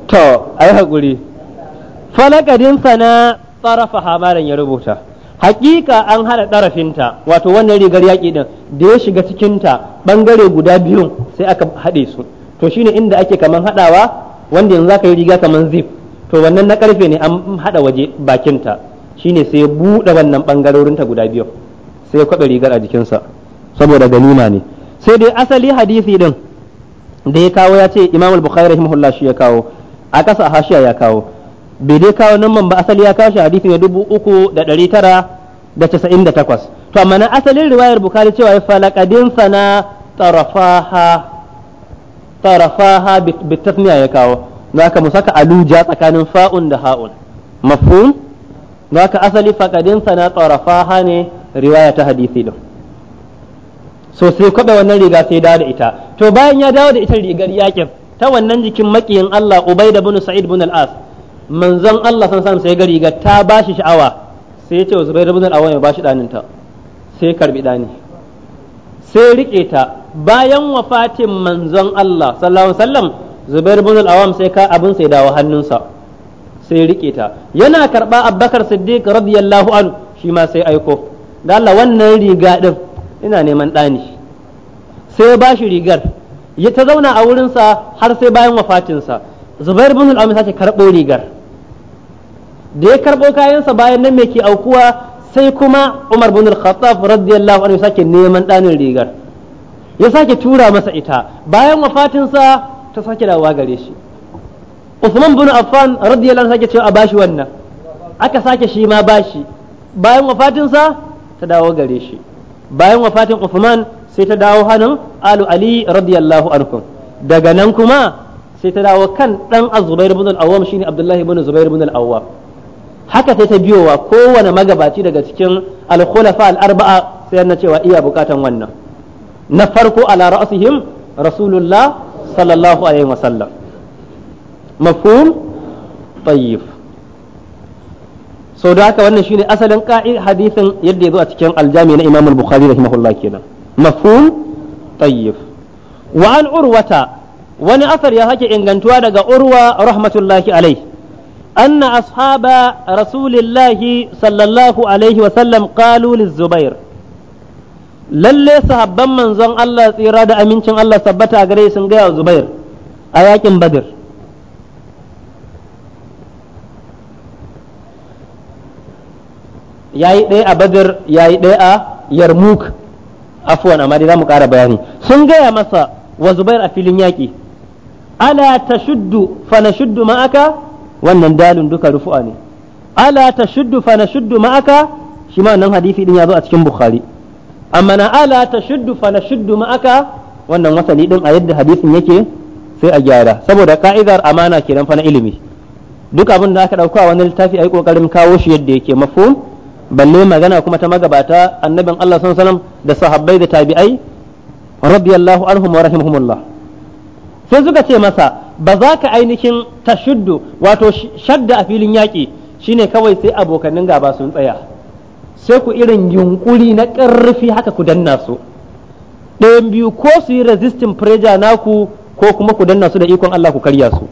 to ai haƙuri falakadin sana tsarafa hamalan ya rubuta hakika an hada ɗarafinta wato wannan rigar yaƙi din da ya shiga cikinta ɓangare guda biyun sai aka haɗe su to shine inda ake kaman haɗawa wanda yanzu aka yi riga kaman zip to wannan na ƙarfe ne an haɗa waje bakinta shine sai ya buɗe wannan ɓangarorinta guda biyu sai ya kwaɓe rigar a jikinsa saboda ganima ne sai dai asali hadisi din da ya kawo ya ce imamul bukhari rahimahullah shi ya kawo a ƙasa hashiya ya kawo bai dai kawo nan man ba asali ya kawo shi hadisi ne dubu uku da ɗari tara da casa'in da takwas to amma na asalin riwayar bukari cewa ya falakadin sana tarafaha tarafaha ya kawo za ka musaka aluja tsakanin fa'un da ha'un mafhum za ka asali fakadin sana tarafaha ne riwaya ta hadisi din so sai kwaɓe wannan riga sai dawo da ita to bayan ya dawo da ita rigar yakin ta wannan jikin makiyin Allah Ubaida bin Sa'id bin Al-As manzon Allah san san sai ga riga ta bashi sha'awa sai ya ce wa Zubair bin Al-Awwam ya bashi danin ta sai karbi dani sai rike ta bayan wafatin manzon Allah sallallahu alaihi wasallam Zubair bin Al-Awwam sai ka abin sai dawo hannunsa sai rike ta yana karba Abubakar Siddiq radiyallahu anhu shi ma sai aiko da Allah wannan riga din ina neman dani sai ba shi rigar ya ta zauna a wurinsa har sai bayan wafatinsa zubair bin al sake karɓo rigar da ya karɓo kayansa bayan nan mai ke aukuwa sai kuma umar bin al-khattab radiyallahu anhu sake neman ɗanin rigar ya sake tura masa ita bayan wafatinsa ta sake dawowa gare shi usman bin affan radiyallahu anhu sake cewa a bashi wannan aka sake shi ma bashi bayan wafatinsa ta dawo gare shi bayan wafatin usman sai ta dawo hannun alu ali radiyallahu anhu daga nan kuma sai ta dawo kan dan azubair ibn al-awwam shine abdullahi ibn zubair ibn al-awwam haka sai ta biyowa kowane magabaci daga cikin al-khulafa al-arba'a sai na cewa iya bukatan wannan na farko ala ra'sihim rasulullah sallallahu alaihi wasallam mafhum tayyib sauda haka wannan shine asalin ka'i hadisin yadda ya zo a cikin aljami na imam al-bukhari rahimahullah kenan mafhum tayyib wa an urwata wani asar ya sake ingantuwa daga urwa rahmatullahi alai anna ashaba rasulillahi sallallahu alaihi wa sallam qalu lizubair lalle sahabban manzon Allah tsira da amincin Allah sabbata gare sun gaya zubair a yakin badr yayi ɗaya a badr yayi ɗaya a yarmuk afwan amma dai zamu ƙara bayani sun gaya masa wa zubair a filin yaƙi ala tashuddu fa nashuddu ma'aka wannan dalin duka rufu'a ne ala tashuddu fa nashuddu ma'aka shi ma wannan hadisi din ya zo a cikin bukhari amma na ala tashuddu fa nashuddu ma'aka wannan wasali din a yadda hadisin yake sai a gyara saboda ka'idar amana kenan fa na ilimi duk abin da aka dauka wani littafi ai kokarin kawo shi yadda yake mafhum balle magana kuma ta magabata annabin Allah sallallahu alaihi da sahabbai da tabi'ai radiyallahu anhum wa rahimahumullah sai suka ce masa ba za ka ainihin tashuddu wato shadda a filin yaƙi shine kawai sai abokanin gaba sun tsaya sai ku irin yunkuri na ƙarfi haka ku danna su ɗayan biyu ko su yi resisting pressure naku ko kuma ku danna su da ikon Allah ku karya su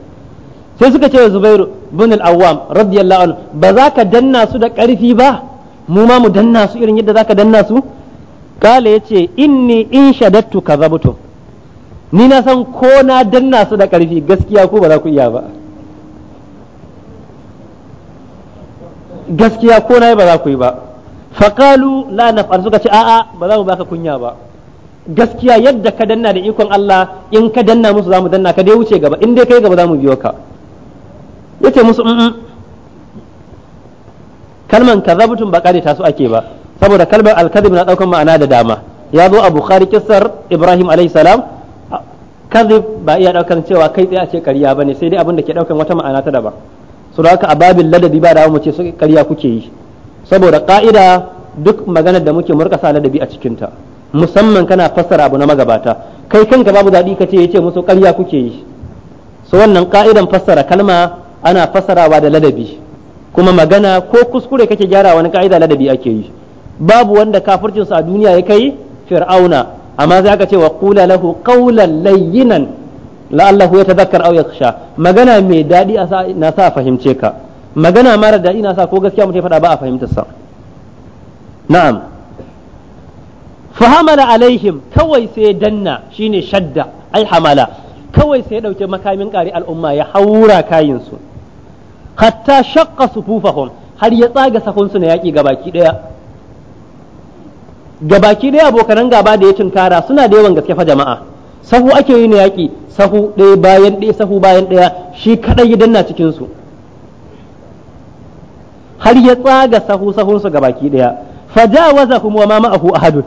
sai suka ce Zubairu bin al-Awwam radiyallahu anhu ba za ka danna su da ƙarfi ba mu ma mu danna su irin yadda zaka danna su Kale yace inni in shadattu kazabtum ni na san ko na danna su da karfi gaskiya ko ba za ku iya ba gaskiya ko na ba za ku yi ba qalu la naf'al suka ce a'a ba za mu baka kunya ba gaskiya yadda ka danna da ikon Allah in ka danna musu za mu danna ka dai wuce gaba in dai kai gaba za mu biyo ka yace musu kalman kazabtum ba kare ta su ake ba saboda kalmar alkazib na daukan ma'ana da dama ya zo a bukhari kissar ibrahim alayhi salam kazib ba iya daukan cewa kai tsaye a ce kariya bane sai dai abin da ke daukan wata ma'ana ta daban su haka a babin ladabi ba da mu ce su karya kuke yi saboda ka'ida duk maganar da muke murkasa ladabi a cikin ta musamman kana fassara abu na magabata kai kanka babu daɗi ka ce ya ce musu karya kuke yi su wannan ka'idan fassara kalma ana fassarawa da ladabi kuma magana ko kuskure kake gyara wani ka'ida ladabi ake yi babu wanda kafircin sa a duniya ya kai fir'auna amma sai aka ce wa qula lahu qawlan layyinan la'allahu yatadhakkar aw yakhsha magana mai dadi na sa fahimce ka magana mara dadi na sa ko gaskiya mutai faɗa ba a fahimtar sa na'am fahamala alaihim kawai sai danna shine shadda ai hamala kawai sai ya dauke makamin kari al'umma ya haura kayin su hatta shakka sufufahum har ya tsaga sahunsu na yaƙi gabaki ɗaya gabaki ɗaya abokanan gaba da ya tunkara suna da yawan gaske fa jama'a sahu ake yi na yaƙi sahu ɗaya bayan ɗaya sahu bayan ɗaya shi kaɗai ya na cikinsu har ya tsaga sahu sahunsu gabaki ɗaya fa kuma wa ma ma'ahu ahadun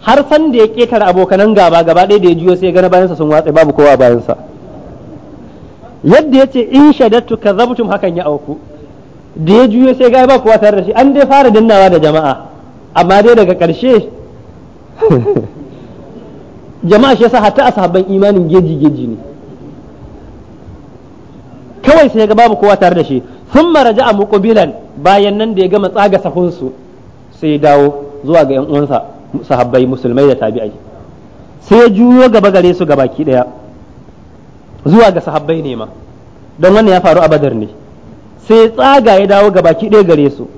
har san da ya ƙetare abokanan gaba gaba ɗaya da ya juyo sai ya gana bayansa sun watsa babu kowa bayansa yadda ya ce in shadattu kazabtum hakan ya auku da ya juyo sai ga ba kowa tare da shi an dai fara dannawa da jama'a amma dai daga karshe [laughs] jama'a shi yasa hatta ashabban imanin geji geji ne kawai sai ga babu kowa tare da shi sun maraja a muƙubilan bayan nan da ya gama tsaga sahunsu sai dawo zuwa ga 'yan uwansa sahabbai musulmai da tabi'ai sai ya juyo gaba gare su gabaki ɗaya zuwa ga sahabbai ne ma don wannan ya faru a badar ne sai tsaga ya dawo gabaki ɗaya gare su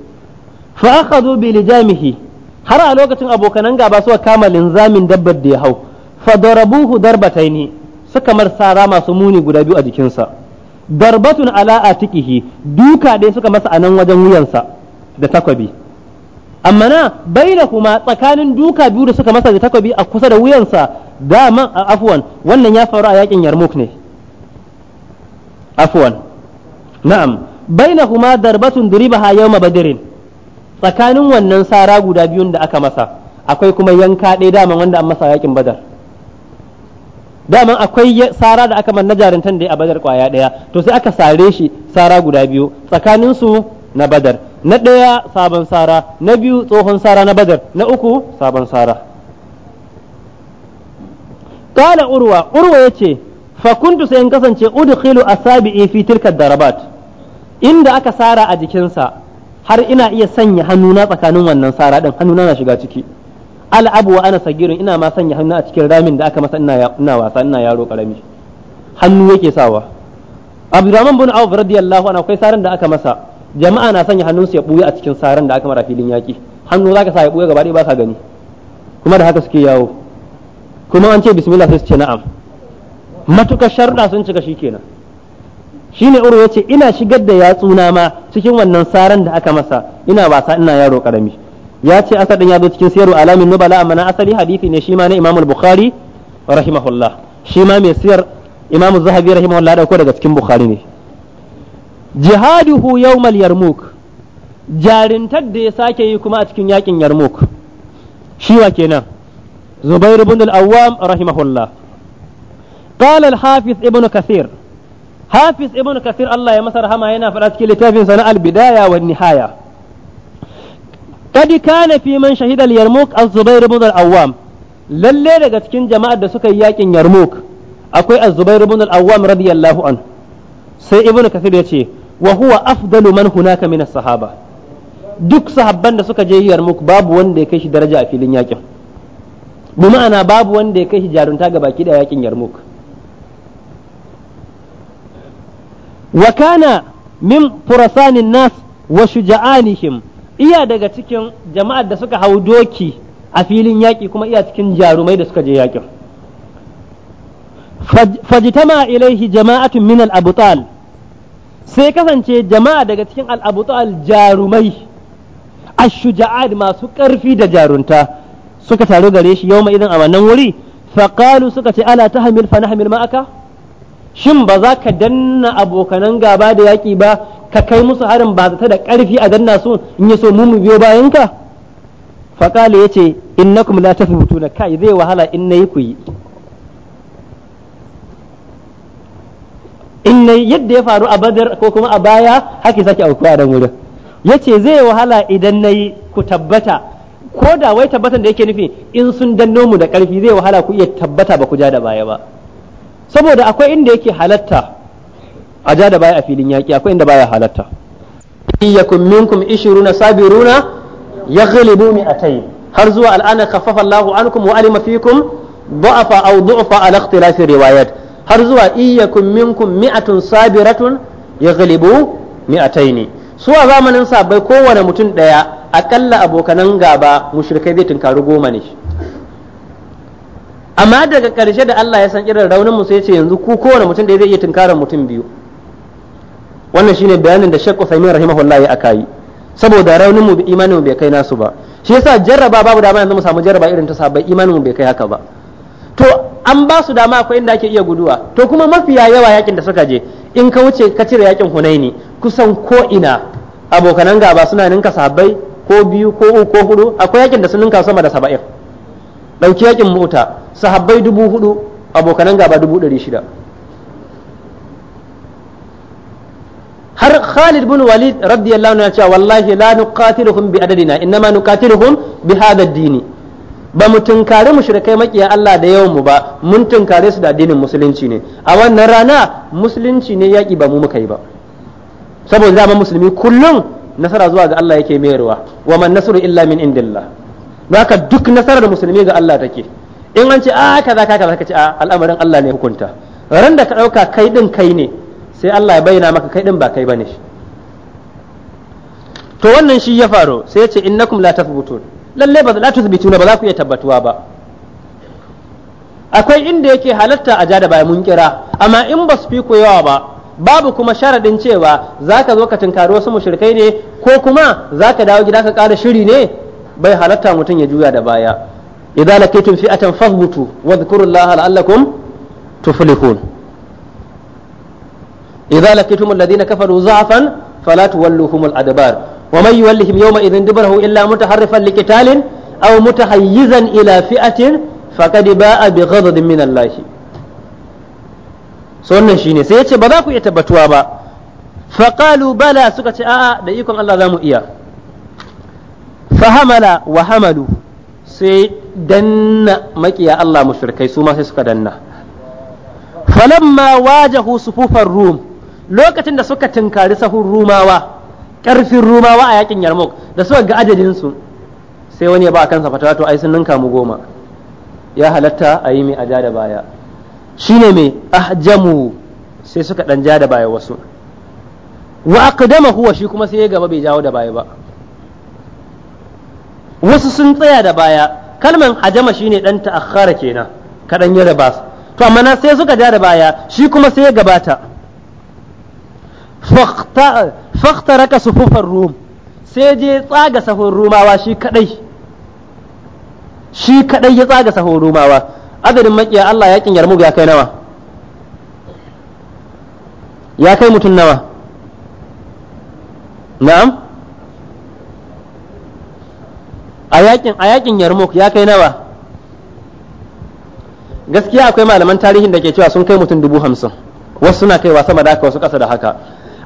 fa akhadhu bi lijamihi har a lokacin abokanan gaba suka kama linzamin dabbar da ya hau fa darabuhu darbataini suka mar sara masu muni guda biyu a jikinsa darbatun ala atikihi duka dai suka masa anan wajen wuyansa da takwabi amma na baina kuma tsakanin duka biyu da suka masa da takwabi a kusa da wuyansa dama afwan wannan ya faru a yakin yarmuk ne afwan na'am bainahuma darbatun duribaha yawma badirin. tsakanin wannan sara guda biyun da aka masa akwai kuma yanka ɗaya daman wanda an masa yakin badar daman akwai sara da aka manna jarintan da ya a badar kwaya ɗaya to sai aka sare shi sara guda biyu tsakanin su na badar na ɗaya sabon sara na biyu tsohon sara na badar na uku sabon sara قال urwa urwa yace fa kuntu sai in kasance udkhilu asabi'i fi tilka darabat inda aka sara a jikinsa har ina iya sanya hannuna tsakanin wannan sara din hannuna na shiga ciki al abu wa ana sagirin ina ma sanya hannu a cikin ramin da aka masa ina ina wasa ina yaro karami hannu yake sawa Abdurrahman bin awf radiyallahu anhu akwai saran da aka masa jama'a na sanya hannun su ya buya a cikin saran da aka mara filin yaki hannu zaka sa ya buya gaba ɗaya ba sa gani kuma da haka suke yawo kuma an ce bismillah sai su ce na'am matuka sharuɗa sun cika shi shi shine uru ce ina shigar da yatsuna ma cikin wannan saran da aka masa ina wasa ina yaro karami ya ce asar ya zo cikin siyaru alamin nubala amma na asali hadisi ne shi ma na imamul bukhari rahimahullah shi ma mai siyar imamu zahabi rahimahullah ko daga cikin bukhari ne jihaduhu yawmal yarmuk jarintar da ya sake yi kuma a cikin yakin yarmuk shi wa kenan zubairu ibn al-awwam rahimahullah قال الحافظ ابن كثير حافظ ابن كثير الله يمسر هما هنا فرأسك لتافين سنة البداية والنهاية قد كان في من شهد اليرموك الزبير بن الأوام lalle daga cikin jama'ar da suka yi yakin yarmuk akwai az-zubair ibn al radiyallahu an sai ibnu kathir ya ce, huwa afdalu man hunaka min sahaba duk sahabban da suka je yarmuk babu wanda ya kai shi daraja a filin yakin bi ma'ana babu wanda ya kai shi jarunta ga baki da yakin yarmuk Wakana min furasanin nas wa shuja'anihim iya daga cikin jama'ar da suka hau doki a filin yaƙi kuma iya cikin jarumai da suka je yaƙin fajitama ilaihi jama'atun min al-abtal sai kasance jama'a daga cikin al-abtal jarumai ash shuja'ad masu ƙarfi da jarunta suka taru gare shi yau ma idan a wannan wuri faqalu suka ce ala tahmil fa nahmil ma'aka shin ba za ka danna abokanan gaba da yaƙi ba ka kai musu harin ba zata da ƙarfi a danna su in ya so mu mu biyo bayan ka faƙala ya ce innakum la tafutuna kai zai wahala in nayi ku yi in nayi yadda ya faru a badar ko kuma a baya haki sake auku a wurin ya ce zai wahala idan nayi ku tabbata ko da wai tabbatan da yake nufi in sun danno mu da ƙarfi zai wahala ku iya tabbata ba ku ja da baya ba saboda akwai inda yake halatta a ja da baya a filin yaƙi akwai inda baya halatta iyyakum minkum ishiruna sabiruna yaghlibu mi'atayn har zuwa al'ana khaffafa Allahu ankum wa alima fikum ضعف aw ضعف ala ikhtilafi riwayat har zuwa iyyakum minkum mi'atun sabiratun ya galibu su a zamanin sabai kowane mutum ɗaya akalla abokanan gaba mushrikai zai tunkari goma ne amma daga ƙarshe da Allah ya san irin raunin mu sai ce yanzu ku kowane mutum da zai iya tunkarar mutum biyu wannan shine bayanin da Sheikh rahima rahimahullah ya yi saboda raunin mu imanin mu bai kai nasu ba shi yasa jarraba babu dama yanzu mu samu jarraba irin ta sabai imanin mu bai kai haka ba to an ba su dama akwai inda ake iya guduwa to kuma mafiya yawa yakin da suka je in ka wuce ka cire yakin Hunaini kusan ko ina abokanan gaba suna ninka sabai, ko biyu ko uku ko hudu akwai yakin da sun ninka sama da saba'in ɗauki yakin mota sahabbai dubu hudu abokanan gaba dubu ɗari shida har Khalid bin Walid radiyallahu anhu ya ce wallahi la nuqatiluhum bi adadina innama nuqatiluhum bi hadha ad-dini ba mu tunkare mushrikai makiya Allah da yawan mu ba mun tunkare su da addinin musulunci ne a wannan rana musulunci ne yaki ba mu muka yi ba saboda zama musulmi kullum nasara zuwa ga Allah yake mayarwa wa man nasru illa min indillah zaka duk nasarar musulmi ga Allah take in an ce a ah, kaza ka kaza ka ce a ah, al'amarin Allah ne hukunta ran da ka ɗauka kai din kai ne sai Allah ya bayyana maka kai din ba kai bane to wannan shi ya faru sai ya ce innakum la tathbutun lalle ba la tuthbituna ba za ku iya tabbatuwa ba akwai inda yake halatta a jada bayan mun kira amma in ba su fi ku yawa ba babu kuma sharadin cewa za ka zo ka tunkari wasu mushrikai ne ko kuma za ka dawo gida ka kara shiri ne bai halatta mutum ya juya da baya idza laqitum fi'atan fahbutu wadhkurullaha la'allakum tuflihun idza laqitum alladhina kafaru za'fan fala tuwalluhum al-adbar wa man yuwallihim yawma idhin dibarahu illa mutaharrifan liqitalin aw mutahayyizan ila fi'atin faqad ba'a bi ghadabin min Allah so wannan shine sai yace ba za ku iya tabbatuwa ba faqalu bala suka ce a'a da ikon Allah za mu iya fahamala wa hamalu sai danna makiya Allah mushrikai su ma sai suka danna falamma wajahu sufufar rum lokacin da suka tinkari sahun rumawa karfin rumawa a yakin yarmouk da suka ga adadin su sai wani ya ba kansa fata to ai sun ninka mu goma ya halatta a yi mai aja da baya shine mai ahjamu sai suka dan ja da baya wasu wa aqdamahu wa shi kuma sai ya gaba bai jawo da baya ba wasu sun tsaya da baya kalman hajama shine dan ta'akhara kenan kadan ya raba to amma na sai suka ja da baya shi kuma sai ya gabata raka sufufar rum sai je tsaga sahun rumawa shi kadai shi kadai ya tsaga sahun rumawa adadin makiya Allah yakin mu ya kai nawa ya kai mutum nawa na'am yakin a yakin yarmouk ya kai nawa gaskiya akwai malaman tarihin da ke cewa sun kai mutum dubu hamsin wasu suna kaiwa sama da haka wasu kasa da haka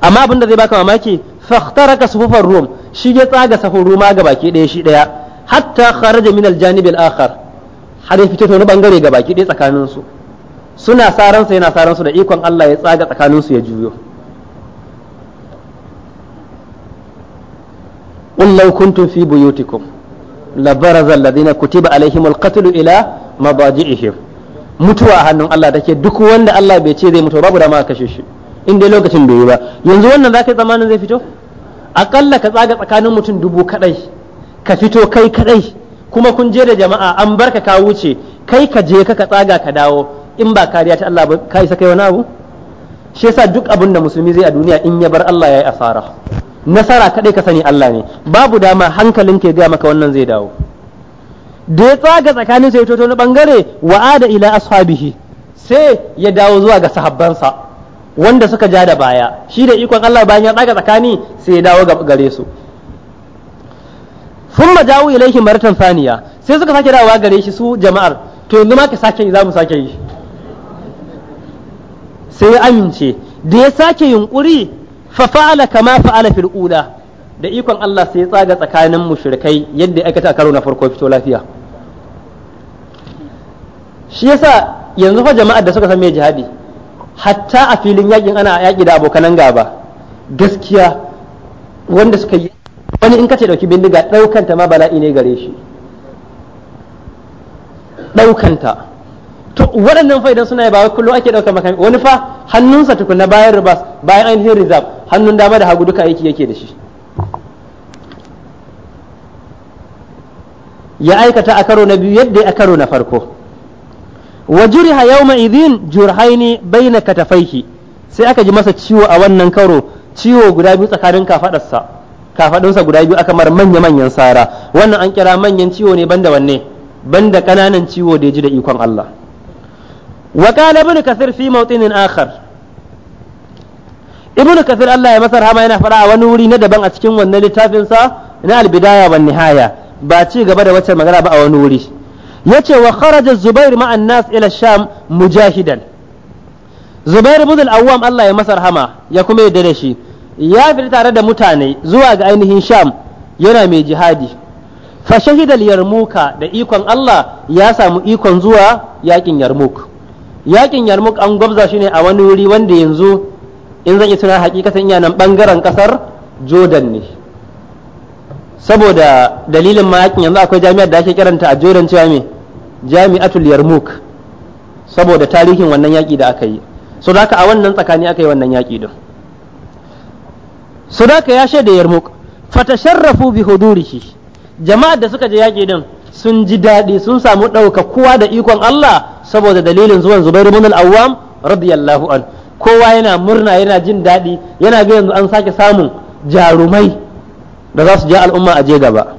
amma abin da zai baka mamaki ka sufufar rum shi ya tsaga sahun ruma ga baki ɗaya shi ɗaya hatta kharaja min aljanib akhar har ya fito ta wani bangare ga baki ɗaya tsakanin su suna saran yana saran da ikon Allah ya tsaga tsakanin su ya juyo qul law fi buyutikum labaraza alladhina kutiba alaihimul qatl ila mabajihim mutuwa a hannun Allah take duk wanda Allah bai ce zai mutu babu da ma kashe shi in dai lokacin bai yi ba yanzu wannan zaka zamanin zai fito akalla ka tsaga tsakanin mutum dubu kadai ka fito kai kadai kuma kun je da jama'a an barka ka wuce kai ka je ka tsaga ka dawo in ba kariya ta Allah ba ka isa kai wani abu shi yasa duk abin da musulmi zai a duniya in ya bar Allah yayi asara nasara kaɗai ka sani Allah ne babu dama hankalin ke gaya maka wannan zai dawo da ya tsaga tsakanin sai toto na bangare wa'ada ila ashabihi sai ya dawo zuwa ga sahabbansa wanda suka ja da baya shi da ikon Allah bayan ya tsaga tsakani sai ya dawo gare su sun jawo ilaihi maratan saniya sai suka sake dawowa gare shi su jama'ar to yanzu ma ka sake yi za mu sake yi sai ya amince da ya sake yunkuri fa fa'ala kama fa'ala fil ula da ikon Allah sai ya tsaga tsakanin mushrikai yadda aka ta karo na farko fito lafiya shi yasa yanzu fa jama'ar da suka san me jihadi hatta a filin yakin ana yaki da abokanan gaba gaskiya wanda suka yi wani in kace dauki bindiga daukanta ma bala'i ne gare shi daukanta to waɗannan fa'idan suna yi ba wai ake dauka makami wani fa hannunsa tukuna bayan ribas bayan ainihin rizab hannun dama da hagu duka aiki yake da shi ya aikata a karo na biyu yadda a karo na farko wa juriha yawma idhin jurhaini baina katafaiki sai aka ji masa ciwo a wannan karo ciwo guda biyu tsakanin kafadarsa kafadunsa guda biyu aka mar manya manyan sara wannan an kira manyan ciwo ne banda wanne banda kananan ciwo da ya ji da ikon Allah wa ƙalabin ibn kasir fi mawtinin akhar ibnu kafir Allah ya masar hama yana fara a wani wuri na daban a cikin wannan littafin sa na albidaya wa nihaya ba ci gaba da wacce magana ba a wani wuri yace wa kharaja zubair ma nas ila sham mujahidan zubair ibn al-awwam Allah ya masar hama ya kuma yadda da shi ya fita tare da mutane zuwa ga ainihin sham yana mai jihadi fa al yarmuka da ikon Allah ya samu ikon zuwa yakin yarmuk yakin yarmuk an gwabza shi ne a wani wuri wanda yanzu in zan yi na hakikatan yana nan bangaren kasar jordan ne saboda dalilin mayakin yanzu akwai jami'ar da ake kiranta a jordan cewa me jami'atul yarmouk saboda tarihin wannan yaki da aka yi so da a wannan tsakani aka yi wannan yaƙi din so da ya shaida yarmouk fatasharrafu bi hudurihi jama'ar da suka je yaki din sun ji daɗi sun samu ɗaukakuwa da ikon Allah saboda dalilin zuwan Zubairu ibn al-Awwam radiyallahu an kowa yana murna yana jin daɗi yana ga yanzu an sake samun jarumai da za su ja al'umma a je gaba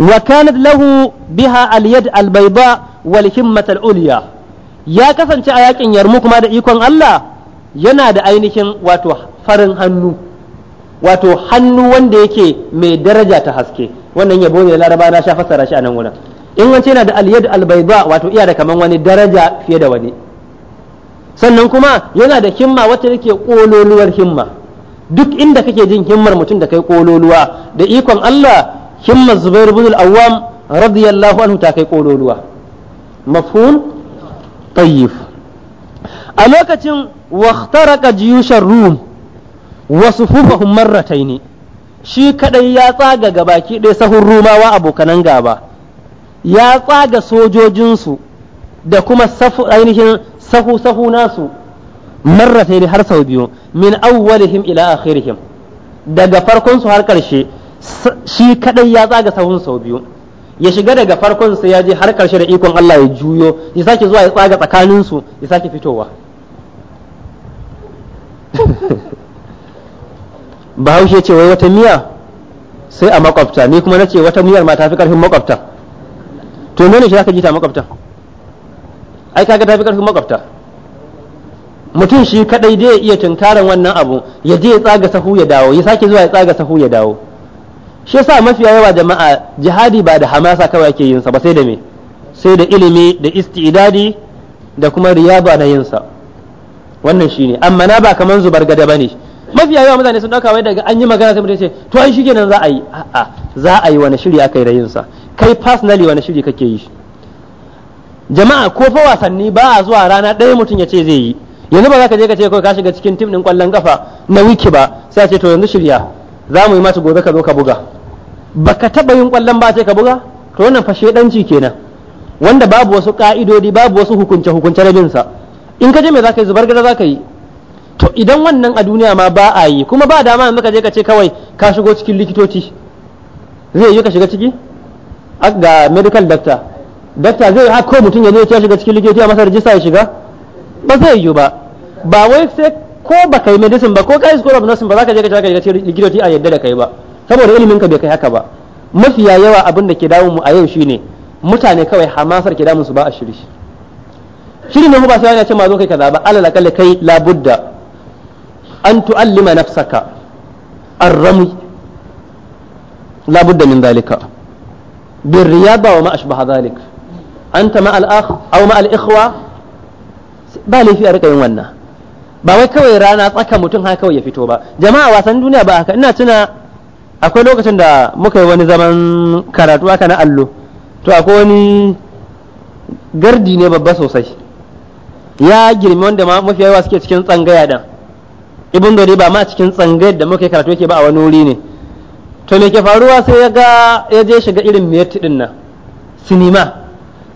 wa kanat lahu biha al-yad al-bayda wal himmat al-ulya ya kasance a yakin yarmu kuma da ikon Allah yana da ainihin wato farin hannu wato hannu wanda yake mai daraja ta haske wannan yabo ne laraba na sha fassara shi a nan wurin in wance yana da al-yad al-bayda wato iya da kaman wani daraja fiye da wani sannan kuma yana da himma wacce take kololuwar himma duk inda kake jin himmar mutum da kai kololuwa da ikon Allah himmar Zubair ibn al-Awwam radiyallahu anhu ta kai kololuwa mafhum tayyib a lokacin waqtaraka jiyushar rum wa sufufahum marratayn shi kadai ya tsaga gabaki ɗaya sahun rumawa abokanan gaba ya tsaga sojojinsu da kuma ainihin sahu sahu nasu marra sai har sau biyu min awwalihim ila akhirihim daga farkon su har karshe shi kadai ya tsaga sahun sau biyu ya shiga daga farkon su ya je har karshe da ikon Allah ya juyo ya sake zuwa ya tsaga tsakanin su ya sake fitowa [laughs] bahaushe ce wai wata miya sai a makwabta ni kuma na ce wata miyar ma ta fi karfin makwabta to mene shi zaka ji ta makwabta ai kaga tafi karfin makwabta mutum shi kadai dai iya tunkaran wannan abu ya je ya tsaga sahu ya dawo ya sake zuwa ya tsaga sahu ya dawo shi yasa mafiya yawa jama'a jihadi ba da hamasa kawai ake yin sa ba sai da me sai da ilimi da isti'dadi da kuma riyaba na yin sa wannan shine amma na ba kaman zubar gada bane mafiya yawa mutane sun dauka wai daga an yi magana sai mutum ce to an ai nan za a yi a'a za a yi wani shiri aka yi da yin sa kai personally wani shiri kake yi jama'a ko fa wasanni ba a zuwa rana ɗaya mutum ya ce zai yi yanzu ba za ka je ka ce kawai ka shiga cikin tim din ƙwallon ƙafa na wiki ba sai a ce to yanzu shirya za mu yi mata gobe ka zo ka buga Ba ka taɓa yin ƙwallon ba ce ka buga to wannan fa shedanci kenan wanda babu wasu ƙa'idodi, babu wasu hukunce hukunce na binsa in ka je mai za ka yi zubar gada za ka yi to idan wannan a duniya ma ba a yi kuma ba dama yanzu ka je ka ce kawai ka shigo cikin likitoci zai yi ka shiga ciki ga medical doctor dakta zai haka mutum ya zo ya shiga cikin likitoci a masa rijista ya shiga ba zai yiwu ba ba wai sai ko ba kai medicine ba ko kai school of nursing ba za ka je ka shiga cikin likitoci a yadda da kai ba saboda ilimin ka bai kai haka ba mafiya yawa abin da ke damun mu a yau shine mutane kawai hamasar ke damun su ba a shiri shiri ne ba sai wani ya ce ma zo kai kaza ba alal akalla kai labudda an tu'allima nafsaka arrami labudda min zalika bin riyaba wa ma ashbaha zalika anta ma al-akh aw ma al-ikhwa ba laifi a rika yin wannan ba wai kawai rana tsaka mutum haka kawai ya fito ba jama'a wasan duniya ba haka ina tuna akwai lokacin da muka yi wani zaman karatu haka na allo to akwai wani gardi ne babba sosai ya girme wanda mafi yawa suke cikin tsangaya da ibn dori ba ma cikin tsangayar da muka yi karatu yake ba a wani wuri ne to me ke faruwa sai ya ga ya je shiga irin miyatti din nan sinima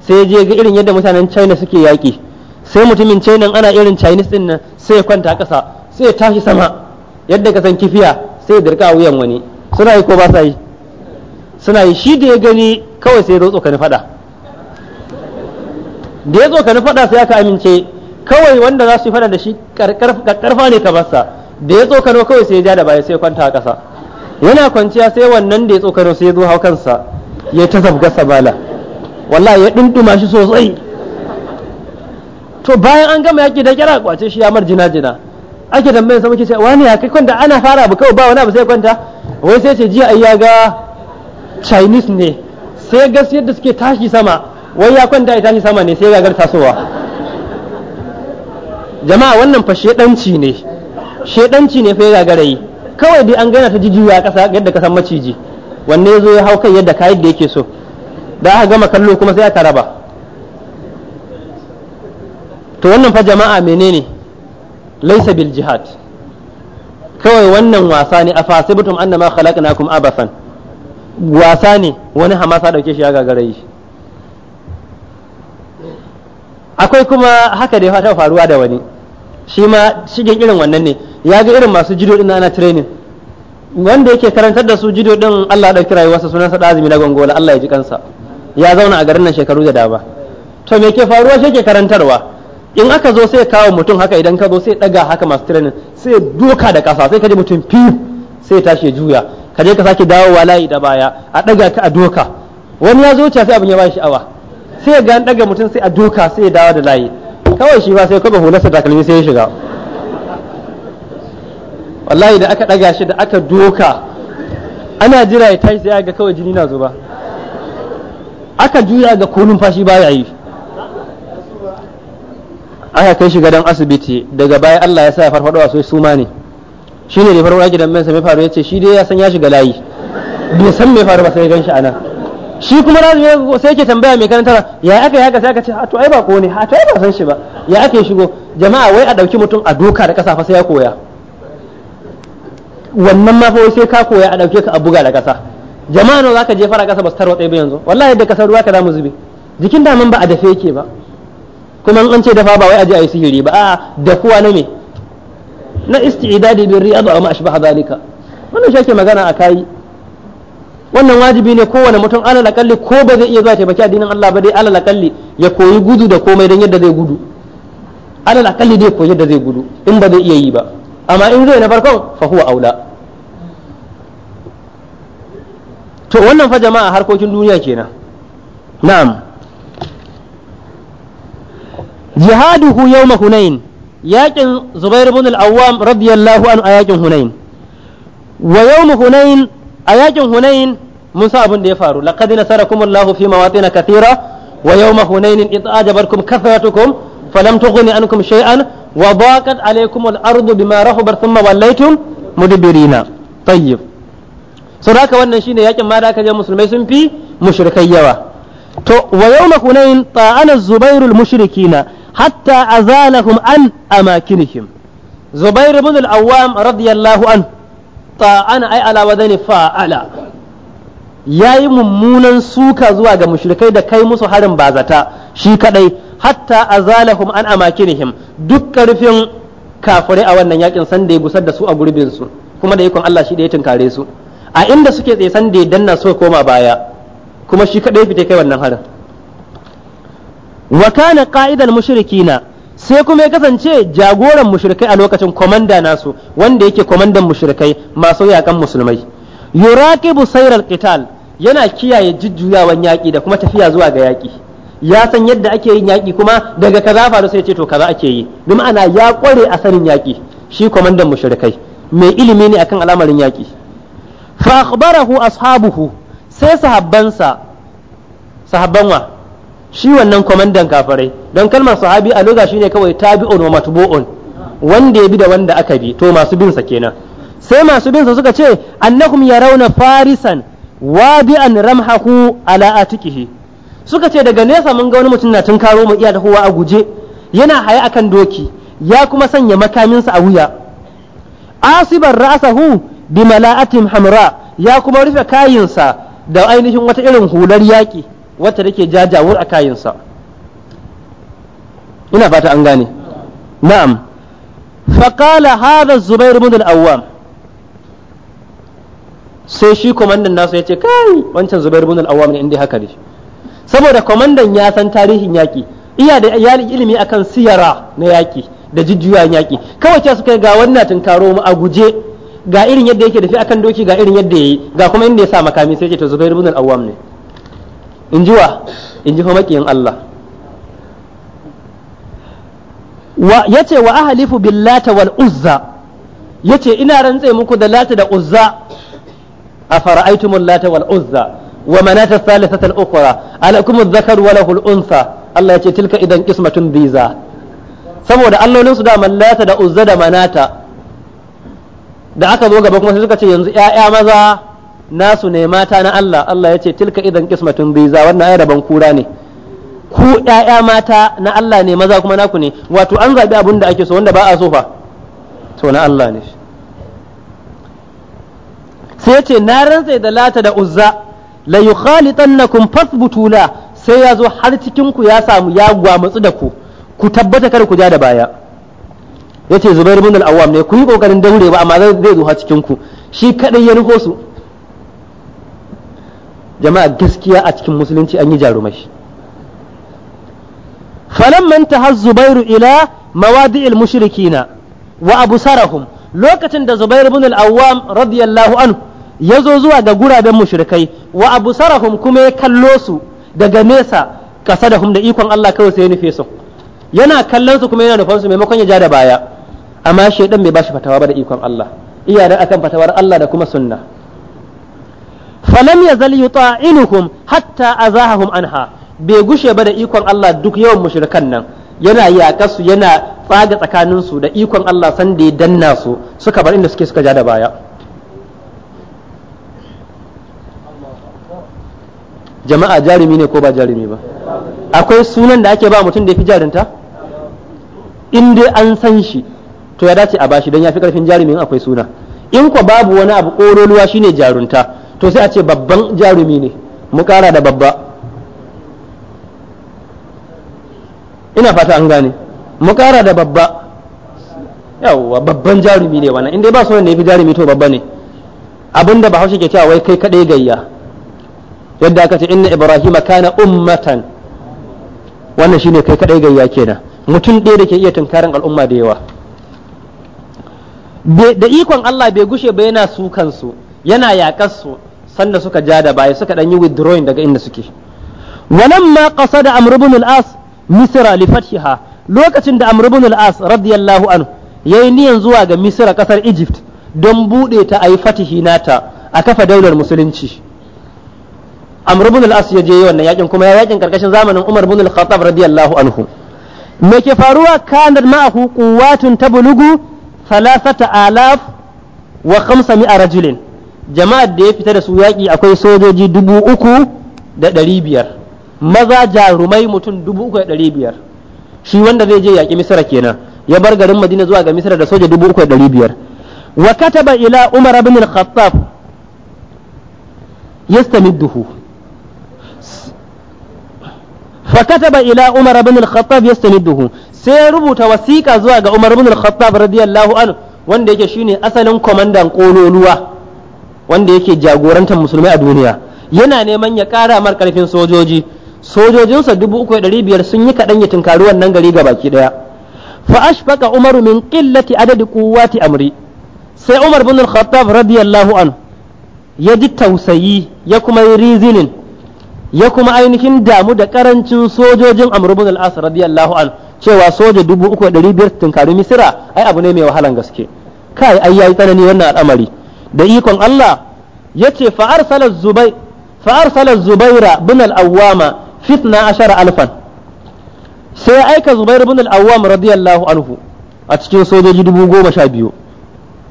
sai je ga irin yadda mutanen china suke yaƙi sai mutumin china ana irin chinese din nan sai ya kwanta ƙasa sai ya tashi sama yadda ka san kifiya sai ya dirka a wuyan wani suna yi ko ba sa yi suna yi shi da ya gani kawai sai ya zo tsokani faɗa da ya tsokani faɗa sai aka amince kawai wanda za su yi faɗa da shi karfa ne ka basa da ya tsokano kawai sai ya ja da baya sai ya kwanta a ƙasa yana kwanciya sai wannan da ya tsokano sai ya zo hau kansa ya ta zabga sabala wallahi ya dunduma shi sosai to bayan an gama yaki da kira kwace shi ya marjina jina ake tambayar sa muke cewa wani ya kai kwanta ana fara abu kawai ba wani abu sai kwanta wai sai ce jiya ai ya ga chinese ne sai ga yadda suke tashi sama wai ya kwanta ya tashi sama ne sai ga tasowa jama'a wannan fa shedanci ne shedanci ne fa ya gagarayi kawai dai an gana ta jijiyoyi a ƙasa yadda kasan maciji wanne ya zo ya hau kai yadda ka da yake so da aka gama kallo kuma sai aka raba to wannan fa jama'a menene laisa bil jihad kawai wannan wasa ne a fasibutum annama khalaqnakum abasan wasa ne wani hamasa dauke shi ya gagara yi akwai kuma haka da ya fata faruwa da wani shi ma shigen irin wannan ne ya ga irin masu jido din ana training wanda yake karantar da su jido din Allah ya dauki rayuwarsa sunansa da azumi na gongola Allah ya ji kansa ya zauna a garin nan shekaru da dama to me ke faruwa shi ke karantarwa in aka zo sai kawo mutum haka idan ka zo sai daga haka masu training sai doka da kasa sai ka mutum fi sai tashi juya ka je ka sake dawowa layi da baya a daga ka a doka wani ya zo sai abin ya ba sha'awa sai ga an daga mutum sai a doka sai ya dawo da layi kawai shi ba sai kuma hulasa takalmi sai ya shiga wallahi da aka daga shi da aka doka ana jira ya tashi sai ga kawai jini na zuba aka juya ga ko numfashi ya yi aka kai shi gadon asibiti daga baya Allah ya sa ya farfado a sai suma ne shi ne da farko don dan mensa mai faru ya ce shi dai ya san ya shiga layi bai san mai faru ba sai gan shi nan. shi kuma na sai yake tambaya mai ba. ya aka ya sai aka ce to ai ba ko ne to ai ba san shi ba ya ake shigo jama'a wai a dauki mutum a doka da kasa fa sai ya koya wannan ma fa sai ka koya a dauke ka a buga da kasa jama'a nawa zaka je a kasa ba su tarwatse ba yanzu wallahi yadda kasar ruwa ka zamu zube jikin daman ba a dafe yake ba kuma an ce dafa ba wai aje a yi sihiri ba a dafuwa na me na isti'idadi bin riyadu ma ashbaha zalika wannan shi ake magana a kai wannan wajibi ne kowane mutum alal lakalli ko ba zai iya zuwa taimaki addinin Allah ba dai alal lakalli ya koyi gudu da komai dan yadda zai gudu alal lakalli dai koyi yadda zai gudu in ba zai iya yi ba amma in zai na farkon fa huwa aula to wannan fa jama'a harkokin duniya kenan na'am jihaduhu yawma hunain yakin zubair ibn al-awwam radiyallahu anhu a yakin hunain wa yawm hunain a yakin hunain mun sa da ya faru laqad nasarakumullahu fi mawatin kathira wa yawma hunain id ajabarkum kathratukum falam tughni ankum shay'an wa daqat alaykum al-ardu bima rahabat thumma wallaytum mudbirina tayyib sau da wannan shine yakin ma da aka je musulmai sun fi mushrikai yawa to wa yawma hunain ta'ana zubair al-mushrikina hatta azalahum an amakinihim zubair ibn al-awwam radiyallahu an ta'ana ay ala wadani fa'ala yayi mummunan suka zuwa ga mushrikai da kai musu harin bazata shi kaɗai, hatta azalahum an amakinihim duk ƙarfin kafirai a wannan yakin sanda ya gusar da su a gurbin su kuma da ikon Allah shi da ya tunkare su a inda suke tsaye san da danna suka koma baya kuma shi kadai fita kai wannan harin wa kana qa'idan mushrikina sai kuma ya kasance jagoran mushrikai a lokacin komanda nasu wanda yake komandan mushrikai masu yakan musulmai yuraqibu sayral qital yana kiyaye jujjuyawan yaƙi da kuma tafiya zuwa ga yaƙi ya san yadda ake yin yaƙi kuma daga kaza faru sai ce to kaza ake yi bi ma'ana ya ƙware a sanin yaƙi shi kwamandan mushrikai mai ilimi ne akan al'amarin yaƙi fa akhbarahu ashabuhu sai sahabbansa sahabban wa shi wannan kwamandan kafarai. don kalmar sahabi a loga shine kawai tabi'un wa matbu'un wanda ya bi da wanda aka bi to masu bin sa kenan sai masu bin sa suka ce annahum yarawna farisan wadi'an ramhahu ala atikihi suka ce daga nesa mun ga wani mutum na tunkaro mu iya tahowa a guje yana haye akan doki ya kuma sanya makamin sa a wuya asibar ra'sahu bi mala'atin hamra ya kuma rufe kayinsa da ainihin wata irin hular yaƙi da ke jajawur a kayinsa ina fata an gane na'am faqala hadha zubair ibn al-awwam sai shi komandan nasu ya ce kai wancan zubair ibn al-awwam ne inda haka ne saboda komandan ya san tarihin yaƙi iya da ilimi akan siyara na yaƙi da jijjuwa yaƙi kawai ce suka ga wannan tunkaro mu a guje ga irin yadda yake da fi akan doki ga irin yadda yayi ga kuma inda ya sa makami sai ce to Zubair ibn al-Awwam ne in ji wa in ji makiyin Allah wa yace wa ahlifu billata wal uzza yace ina rantse muku da lata da uzza thalithata al-ukhra alakum الثالثة dhakar wa lahu al الأنثى Allah yace tilka idan qismatun ضيزى saboda allolin su daman lata da uzza da manata da aka zo gaba kuma sai suka ce yanzu 'ya'ya maza nasu ne mata na Allah Allah ya ce tilka idan kismatun biza wannan ai rabon kura ne ku ƴaƴa mata na Allah ne maza kuma naku ne wato an zaɓi abin da ake so wanda ba a so fa to na Allah ne sai ya ce na rantsa da lata da uzza la yukhalitannakum fas butula sai ya zo har cikin ku ya samu ya gwamutsu da ku ku tabbata kar ku ja da baya yace Zubair ibn al-Awwam ne ku yi kokarin daure ba amma zai zo ha cikin ku shi kadai ya riko su jama'a gaskiya a cikin musulunci an yi jarumai falamma intaha Zubairu ila mawadi'il mushrikina wa absarahum lokacin da Zubair ibn al-Awwam radiyallahu anhu ya zo zuwa ga guraben mushrikai wa absarahum kuma ya kallo su daga nesa kasa da hum ikon Allah kawai sai ya nufe su yana kallon su kuma yana nufan su maimakon ya ja da baya amma shaidan bai bashi fatawa ba da ikon Allah iya da akan fatawar Allah da kuma sunna falam yazal yuta'inuhum hatta azahahum anha bai gushe ba da ikon Allah duk yawan mushrikan nan yana yaƙa su yana tsaga tsakanin su da ikon Allah san da ya danna su suka bar inda suke suka ja da baya jama'a jarumi ne ko ba jarumi ba akwai sunan da ake ba mutum da ya fi jarinta in dai an san shi to ya dace a bashi don ya fi karfin jarumin akwai suna in ko babu wani abu ƙololuwa shine jarunta to sai a ce babban jarumi ne mu kara da babba ina fata an gane mu kara da babba yawwa babban jarumi ne wannan in dai ba sunan ne fi jarumi to babba ne abinda bahaushe ke cewa wai kai kadai gayya yadda aka ce inna ibrahim kana ummatan wannan shine kai kadai gayya kenan mutum ɗaya da ke iya tunkarin al'umma da yawa da ikon Allah bai gushe ba yana su kansu yana yakar su sanda suka ja da baya suka dan yi withdrawing daga inda suke ma qasada amr ibn al-as misra li fathiha lokacin da amr ibn al-as radiyallahu anhu yayi niyan zuwa ga misra kasar egypt don bude ta ayi fatihi nata a kafa daular musulunci amr ibn al-as ya je wannan yakin kuma ya yakin karkashin zamanin umar ibn al-khattab radiyallahu anhu me ke faruwa kanar ma'ahu quwwatun tablugu thalathata alaf wa khamsa mi'a rajulin jama'ar da ya fita da su yaki akwai sojoji dubu uku da dari biyar maza jarumai mutum dubu uku da dari biyar shi wanda zai je yaƙi misira kenan ya bar garin madina zuwa ga misira da soja dubu uku da dari biyar wa kataba ila umar ibn al-khattab yastamidduhu فكتب إلى عمر بن الخطاب يستنده سيربط وثيقة زواج عمر بن الخطاب رضي الله عنه wanda yake shine asalin kwamandan kololuwa wanda yake jagorantar musulmai a duniya yana neman ya kara mar karfin sojoji sojojinsa dubu uku da biyar sun yi kaɗan ya tunkari wannan gari ga baki ɗaya fa ashfaqa Umar min qillati adadi quwwati amri sai umar bin al-khattab radiyallahu anhu ya ji tausayi ya kuma yi rizinin ya kuma ainihin damu da karancin sojojin amurbin ibn radiyallahu an cewa soja dubu uku da biyar tunkari Misira ai abu ne mai wahalan gaske kai ai yayi tsanani wannan al'amari da ikon Allah ya ce fa'ar salar Zubaira bin al-Awwama fi alfan. sai aika Zubair bin al-Awwam radiyallahu anhu a cikin sojoji dubu goma sha biyu.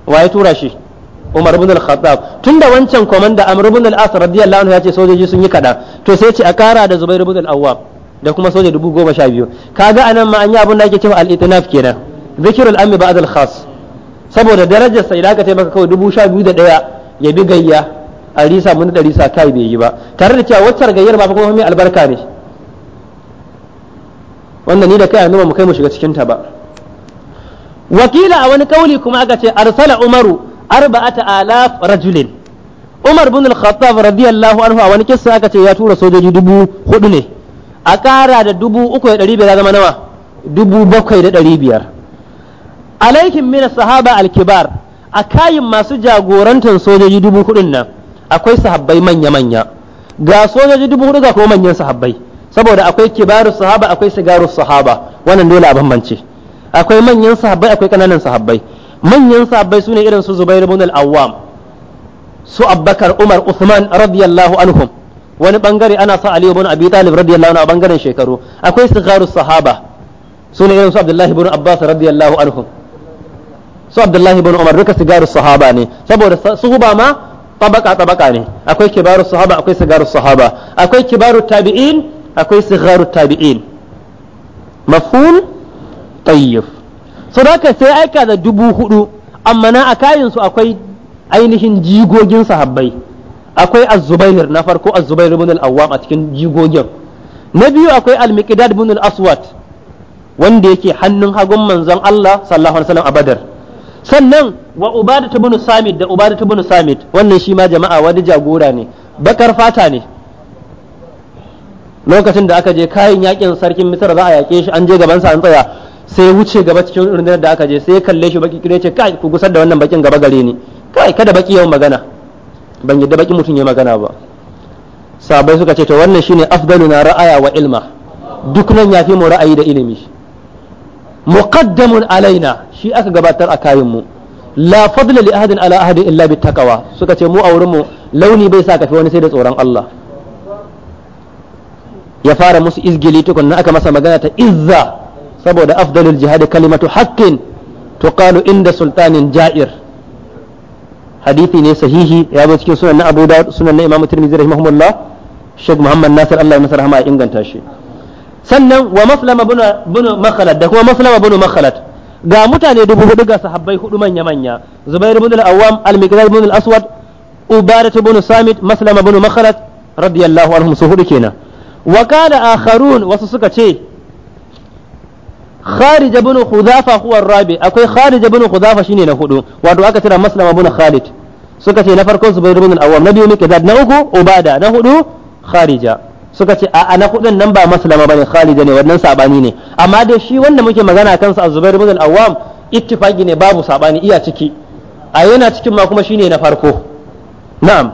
waye tura shi Umar ibn al-Khattab tunda wancan komanda Amr ibn al-As radiyallahu anhu ya ce sojoji sun yi kada to sai ce a kara da Zubair ibn al-Awwab da kuma soja dubu goma sha biyu kaga anan ma an yi abin da ake cewa al-itinaf kenan zikirul amm ba'd al-khas saboda darajar sai da aka ce maka kawai dubu sha biyu da daya ya bi gayya a risa mun da risa kai bai yi ba tare da cewa wacce gayyar ba fa kuma mai albarka ne wannan ni da kai annuba mu kai mu shiga cikin ta ba wakila a wani kauli kuma aka ce arsala umaru arba'ata alaf rajulin Umar bin Al-Khattab radiyallahu anhu a wani kissa aka ce ya tura sojoji dubu hudu ne a ƙara da dubu uku da ɗari biyar zama nawa dubu bakwai da ɗari biyar alaikin mina sahaba alkibar a kayin masu jagorantar sojoji dubu hudun nan akwai sahabbai manya-manya ga sojoji dubu hudu ga kuma manyan sahabbai saboda akwai kibarus sahaba akwai sigarus sahaba wannan dole a bambance akwai manyan sahabbai akwai ƙananan sahabbai manyan su ne irin su Zubair ibn al-Awwam su Abubakar Umar Uthman radiyallahu anhum wani bangare ana sa Ali ibn Abi Talib radiyallahu anhu a bangaren shekaru akwai sigaru sahaba su ne irin su Abdullahi ibn Abbas radiyallahu anhum su Abdullahi ibn Umar duka sigaru sahaba ne saboda su suhuba ma tabaka tabaka ne akwai kibaru sahaba akwai sigaru sahaba akwai kibaru tabi'in akwai sigaru tabi'in mafhum tayyib so sai aika da dubu hudu amma na a kayansu akwai ainihin jigogin sahabbai akwai azubair na farko azubair bin al-awwam a cikin jigogin na biyu akwai al-miqdad bin al-aswad wanda yake hannun hagun manzon Allah sallallahu alaihi wasallam a badar sannan wa ubadat bin samit da ubadat bin samit wannan shi ma jama'a wani jagora ne bakar fata ne lokacin da aka je kayan yakin sarkin misra za a yake shi an je gaban sa an tsaya sai wuce gaba cikin rundunar da aka je sai kalle shi baki kire ce kai ku gusar da wannan bakin gaba gare ni kai kada baki yawan magana ban yadda baki mutum ya magana ba sabai suka ce to wannan shine afdaluna ra'aya wa ilma duk nan yafi mu ra'ayi da ilimi muqaddamun alaina shi aka gabatar a kayan mu la fadla li ahadin ala ahadin illa bi taqwa suka ce mu a wurin mu launi bai sa kafi wani sai da tsoron Allah ya fara musu izgili tukunna aka masa magana ta izza saboda afdalul jihad kalimatu haqqin tuqalu inda sultanin ja'ir hadisi ne sahihi ya zo cikin sunan na Abu Dawud sunan na Imam Tirmidhi rahimahullah Sheikh Muhammad Nasir Allah ya masa rahama ya inganta shi sannan wa maslama bin makhalat da kuma maslama bunu makhalat ga mutane dubu hudu ga sahabbai hudu manya manya Zubair bin al-Awwam al-Miqdad bin al-Aswad Ubadah ibn Samit maslama bunu makhalat radiyallahu anhum su hudu kenan wa kana akharun wasu suka ce kharij ibn khuzafa huwa rabi akwai kharij ibn khuzafa shine na hudu wato aka tira maslama ibn khalid suka ce na farko zubair ibn al na biyu mikdad na uku ubada na hudu kharija suka ce a na hudun nan ba maslama bane kharija ne wannan sabani ne amma da shi wanda muke magana kansa a zubair ibn al-awwam ittifaqi ne babu sabani iya ciki a yana cikin ma kuma shine na farko na'am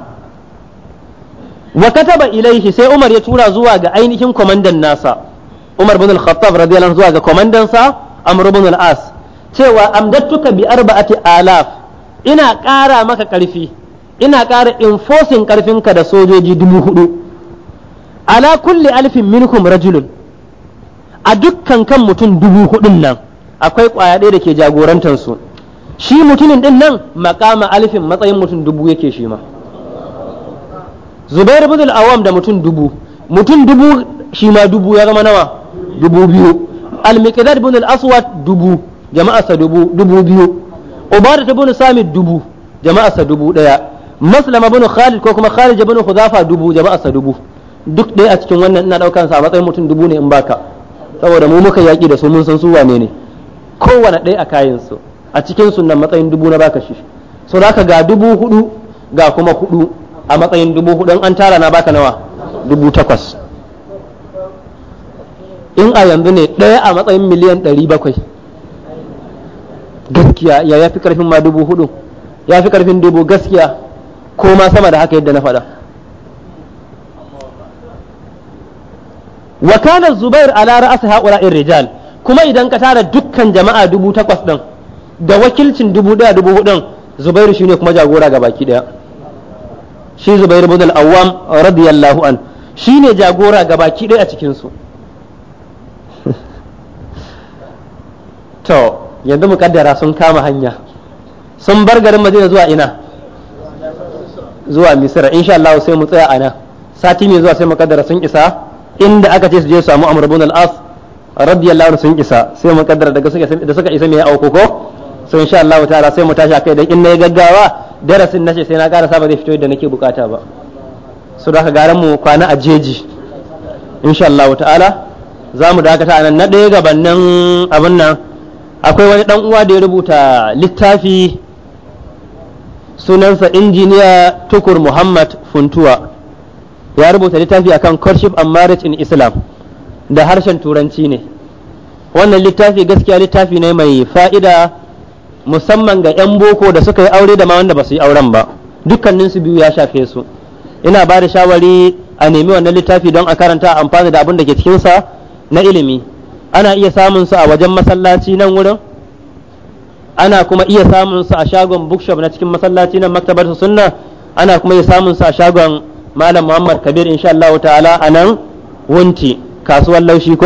wa kataba ilaihi sai umar ya tura zuwa ga ainihin kwamandan nasa Umar bin Al-Khattab radiyallahu zuwa ga sa Amr bin Al-As cewa amdattuka bi arba'ati alaf ina ƙara maka ƙarfi ina ƙara enforcing ƙarfinka da sojoji dubu hudu ala kulli alfin minhum rajulun a dukkan kan mutum dubu hudun nan akwai kwaya ɗaya da ke jagorantar su shi mutumin din nan makama alfin matsayin mutum dubu yake shi ma Zubair bin Al-Awwam da mutum dubu mutum dubu shi ma dubu ya zama nawa dubu biyu al-miqdad ibn al-aswad dubu jama'arsa dubu dubu biyu ubada ibn samit dubu jama'arsa dubu daya maslama ibn khalid ko kuma khalid ibn huzafa dubu jama'arsa dubu duk dai a cikin wannan ina daukan sa a matsayin mutum dubu ne in baka saboda mu muka yaki da su mun san su wane ne kowane ɗaya a kayan su a cikin sunan matsayin dubu na baka shi so zaka ga dubu hudu ga kuma hudu a matsayin dubu hudu an tara na baka nawa dubu takwas in a yanzu ne ɗaya a matsayin miliyan ɗari bakwai gaskiya ya ya fi ƙarfin ma dubu hudu ya fi ƙarfin dubu gaskiya ko ma sama da haka yadda na faɗa wa kana zubair ala ra'asi haula rijal kuma idan ka tara dukkan jama'a dubu takwas ɗin da wakilcin dubu ɗaya dubu hudun zubairu ne kuma jagora ga baki ɗaya shi zubairu bin al-awwam radiyallahu an shi ne jagora ga baki ɗaya a cikinsu to yanzu mu kaddara sun kama hanya sun bar garin madina zuwa ina zuwa misira insha Allah sai mu tsaya ana sati mai zuwa sai mu kaddara sun isa inda aka ce su je su samu amr ibn al-as radiyallahu anhu sun isa sai mu kaddara daga suka da suka isa mai auko ko so insha Allah ta'ala sai mu tashi akai dan in nayi gaggawa darasin nace sai na kara saba zai fito yadda nake bukata ba su da garan mu kwana a jeji insha Allah ta'ala za mu dakata anan na ɗaya nan abin nan akwai wani dan uwa da ya rubuta littafi sunansa injiniya tukur muhammad funtuwa ya rubuta littafi akan courtship and marriage in islam da harshen turanci ne wannan littafi gaskiya littafi ne mai fa'ida musamman ga 'yan boko da suka yi aure da ma wanda ba su yi auren ba dukkanin su biyu ya shafe su ina ba da shawari a nemi wannan littafi don a karanta amfani da abin da ke cikinsa na ilimi ana iya samun su a wajen masallaci nan wurin ana kuma iya samun su a shagon bookshop na cikin masallaci nan maktabar sunna ana kuma iya samun su a shagon malam Muhammad Kabir insha Allah ta'ala a nan wunti kasuwar laushi ko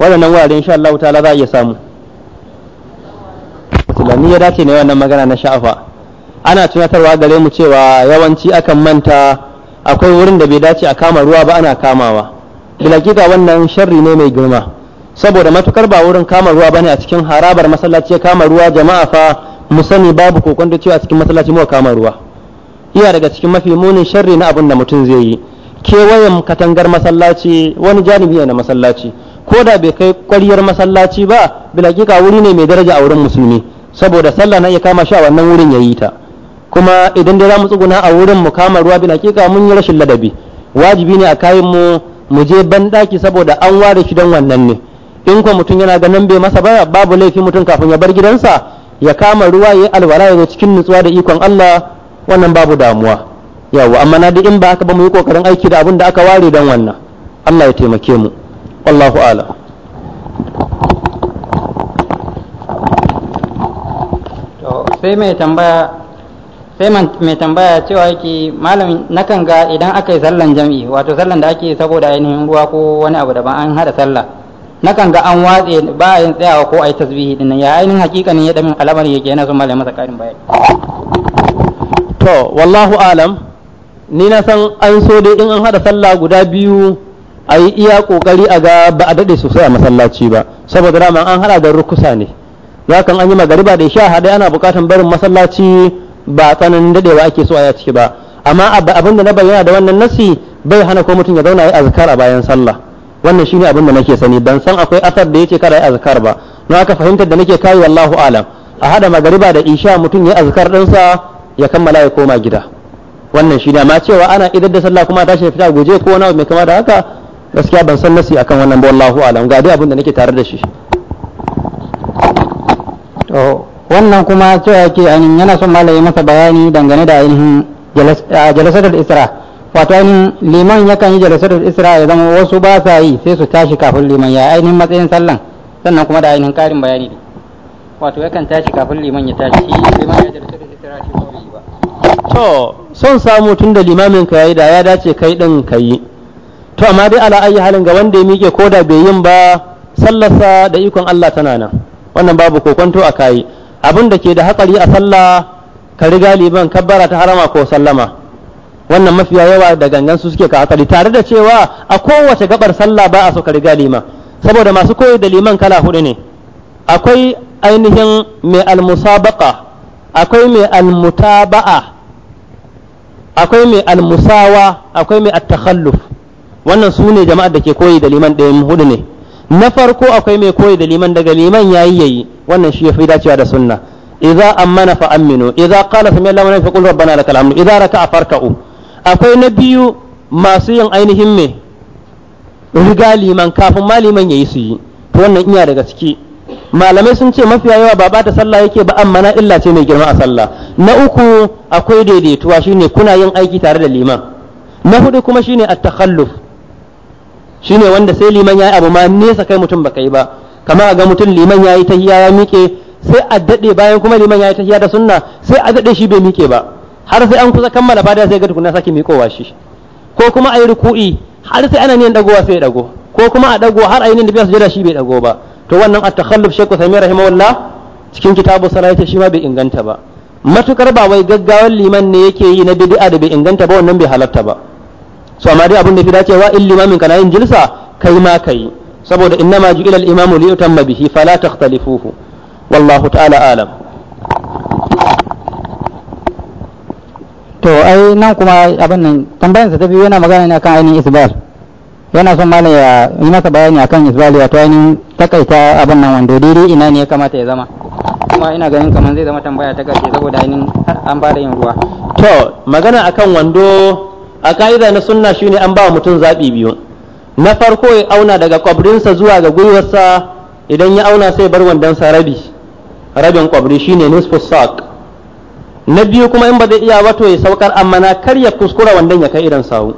waɗannan wurare insha Allah ta'ala za a iya samu Islami ya dace ne wannan magana na sha'afa ana tunatarwa gare mu cewa yawanci akan manta akwai wurin da bai dace a kama ruwa ba ana kamawa bilakika wannan sharri ne mai girma saboda matukar ba wurin kama ruwa bane a cikin harabar masallaci ya kama ruwa jama'a fa mu sani babu da cewa cikin masallaci muka kama ruwa iya daga cikin mafi munin sharri na abin da mutum zai yi kewayen katangar masallaci wani janibi na masallaci ko da bai kai kwaryar masallaci ba bilakika wuri ne mai daraja a wurin musulmi saboda sallah na iya kama shi a wannan wurin yayi ta kuma idan dai za mu tsuguna a wurin mu kama ruwa bilakika mun yi rashin ladabi wajibi ne a kayan mu mu je ban daki saboda an ware shi don wannan ne in kuma mutum yana ganin bai masa ba babu laifi mutum kafin ya bar gidansa ya kama ruwa ya alwala ya cikin nutsuwa da ikon Allah wannan babu damuwa yawa amma na in ba haka ba mu yi kokarin aiki da abin da aka ware don wannan Allah ya taimake mu wallahu ala sai mai tambaya sai mai tambaya cewa yake malam nakan ga idan aka yi sallan jam'i wato sallan da ake saboda ainihin ruwa ko wani abu daban an hada sallah nakan ga an watse ba a yin tsayawa ko a yi tasbihi din ya ainihin ne ya dami alamar yake yana son malai masa karin bayani to wallahu alam ni na san an so dai in an hada sallah guda biyu a yi iya kokari a ga ba a dade sosai a masallaci ba saboda dama an hada da rukusa ne kan an yi magariba da sha hada ana bukatan barin masallaci ba tsananin dadewa ake so a ya ciki ba amma abin da na bayyana da wannan nasi bai hana ko mutum ya zauna ya azkar a bayan sallah wannan shine abin da nake sani ban san akwai asar da yace kada yi azkar ba na aka fahimtar da nake kai wallahu alam a hada magariba da isha mutum ya azkar sa ya kammala ya koma gida wannan shine amma cewa ana idar da sallah kuma tashi fita guje ko wani mai kama da haka gaskiya ban san nasi akan wannan ba wallahu alam ga dai abin da nake tare da shi to wannan kuma cewa yake an yana son malami masa bayani dangane da ainihin jalasatul isra wato liman ya yakan yi jalasatul isra ya zama wasu ba sa yi sai su tashi kafin liman ya ainihin matsayin sallan sannan kuma da ainihin karin bayani ne wato yakan tashi kafin liman ya tashi liman ya jalasatul isra shi yi ba to son samu tun da limamin ka yayi da ya dace kai din yi to amma dai ala ayi halin ga wanda ya mike ko da bai yin ba sallarsa da ikon Allah tana nan wannan babu kokonto a kai abin da ke da hatsari a sallah ka riga liman kabbara ta harama ko sallama wannan mafiya yawa da gangan su suke kasari tare da cewa a kowace gabar sallah ba a so ka riga liman saboda masu koyi da liman kala hudu ne akwai ainihin mai almusabaqa akwai mai almutaba'a akwai mai almusawa akwai mai attakhalluf wannan su ne jama'ar da ke koyi da liman ɗayan hudu ne na farko akwai mai koyi da liman daga liman yayi yayi wannan shi yafi dacewa da sunna idza amana fa aminu idza qala sami Allahu liman faqul rabbana lakal hamdu idza raka'a farka'u akwai na biyu masu yin ainihin me riga liman kafin ma liman ya yi su yi to wannan iya daga ciki malamai sun ce mafiya yawa ba ba ta sallah yake ba amma na illa ce mai girma a sallah na uku akwai daidaituwa shine kuna yin aiki tare da liman na hudu kuma shine at-takhalluf shine wanda sai liman yayi abu ma nesa kai mutum ba kai ba kama ga mutum liman yayi tahiya ya mike sai a daɗe bayan kuma liman yayi tahiya da sunna sai a daɗe shi bai mike ba har sai an kusa kammala fatiha sai ga tukunna sake miƙowa shi ko kuma a yi ruku'i har sai ana niyan dagowa sai ya dago ko kuma a dago har a yi niyan su jira shi bai dago ba to wannan a takhallub shaykhu samir rahimahullah cikin kitabu salati shi ma bai inganta ba matukar ba wai gaggawar liman ne yake yi na bid'a da bai inganta ba wannan bai halatta ba so amma dai abin da fi dacewa in limamin kana yin jilsa kai ma kai saboda ma ju'ila al-imamu li yutamma bihi fala takhtalifuhu wallahu ta'ala alam to ai nan kuma abin nan tambayar sa ta biyu yana magana ne akan ainihin isbal yana son malam ya yi masa bayani akan isbal to ainihin takaita abin nan wando dai ina ne ya kamata ya zama kuma ina ganin kamar zai zama tambaya ta karshe saboda ainihin an fara yin ruwa to magana akan wando a ka'ida na sunna shine an ba mutum zaɓi biyu na farko ya auna daga kwabrinsa zuwa ga gwiwarsa idan ya auna sai bar wandonsa rabi rabin kwabri shine nisfu saq na biyu kuma in ba zai iya ba to ya saukar amma na karya kuskura wandan ya kai idan sawu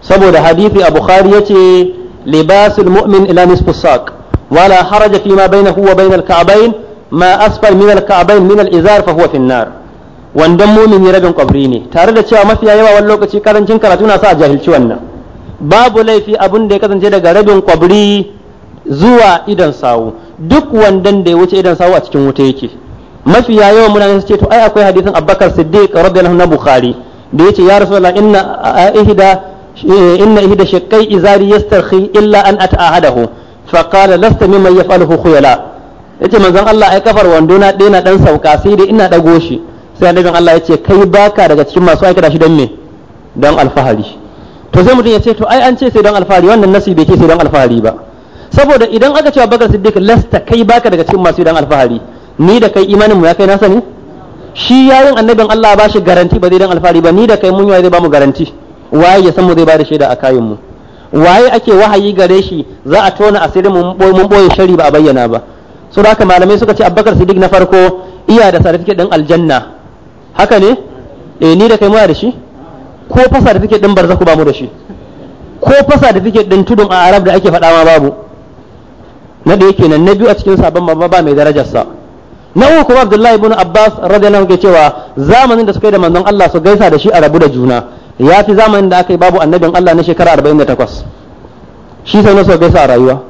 saboda hadisi a bukhari ce libasul mu'min ila nisfu saq wala haraja fi ma bainahu wa bainal ka'bayn ma asfal min al ka'bayn min al izar fa huwa fi nar wandan mu'min rabin kwabri ne tare da cewa mafiya yawa wani lokaci karancin karatu na sa jahilci wannan babu laifi abun da ya kasance daga rabin kwabri zuwa idan sawu duk wandan da ya wuce idan sawu a cikin wuta yake mafi ya yawan mutane su ce to ai akwai hadisin Abubakar Siddiq radiyallahu anhu na Bukhari da yace ya Rasulullah inna ihda eh, inna ihda shaqqai izari yastarhi illa an ata'ahadahu fa qala lasta mimman yaf'aluhu khuyala yace manzon Allah ai kafar wando na ɗaya na dan sauka sai dai ina dago shi sai annabin Allah yace kai baka daga cikin masu aikata shi dan me dan alfahari to sai mutum ya ce to ai an ce sai don alfahari wannan nasi bai ce sai don alfahari ba saboda idan aka cewa abubakar siddiq lasta kai baka daga cikin masu don alfahari ni da kai imanin mu ya kai nasa ne shi yayin annabin Allah ba shi garanti ba zai dan alfari ba ni da kai mun yi zai ba mu garanti waye ya san mu zai ba da shaida a kayan mu waye ake wahayi gare shi za a tona asirin mun mun boye shari ba a bayyana ba so haka malamai suka ce Abubakar Siddiq na farko iya da certificate din aljanna haka ne eh ni da kai muna da shi ko fa certificate din barzaku ba mu da shi ko fa certificate din tudun a Arab da ake faɗa ma babu na da yake nan na biyu a cikin sabon babba ba mai darajarsa sa na uku abdullahi ibn abbas radiyallahu anhu cewa zamanin da suka yi da manzon Allah su gaisa da shi a rabu da juna ya fi zamanin da aka yi babu annabin Allah na shekara 48 shi sai na so gaisa a rayuwa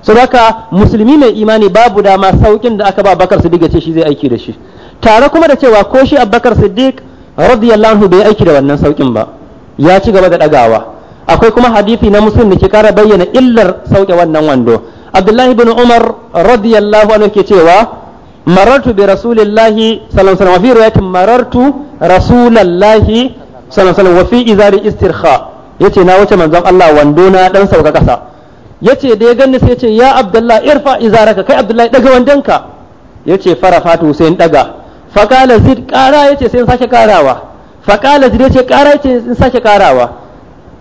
sadaka musulmi mai imani babu dama saukin da aka ba bakar siddiq ya ce shi zai aiki da shi tare kuma da cewa ko shi abubakar siddiq radiyallahu anhu bai aiki da wannan saukin ba ya ci gaba da dagawa akwai kuma hadisi na muslim da ke kara bayyana illar sauke wannan wando abdullahi ibn umar radiyallahu anhu ke cewa marartu bi rasulillahi sallallahu alaihi wa fi riwayatin marartu rasulallahi sallallahu alaihi wasallam wa fi izari istirkha yace na wuce manzon Allah wando na dan sauka kasa yace da ya ganni sai yace ya abdullah irfa izaraka kai abdullahi daga wandonka yace farafatu sai in daga faqala zid qara yace sai in sake karawa faqala zid yace qara yace in sake karawa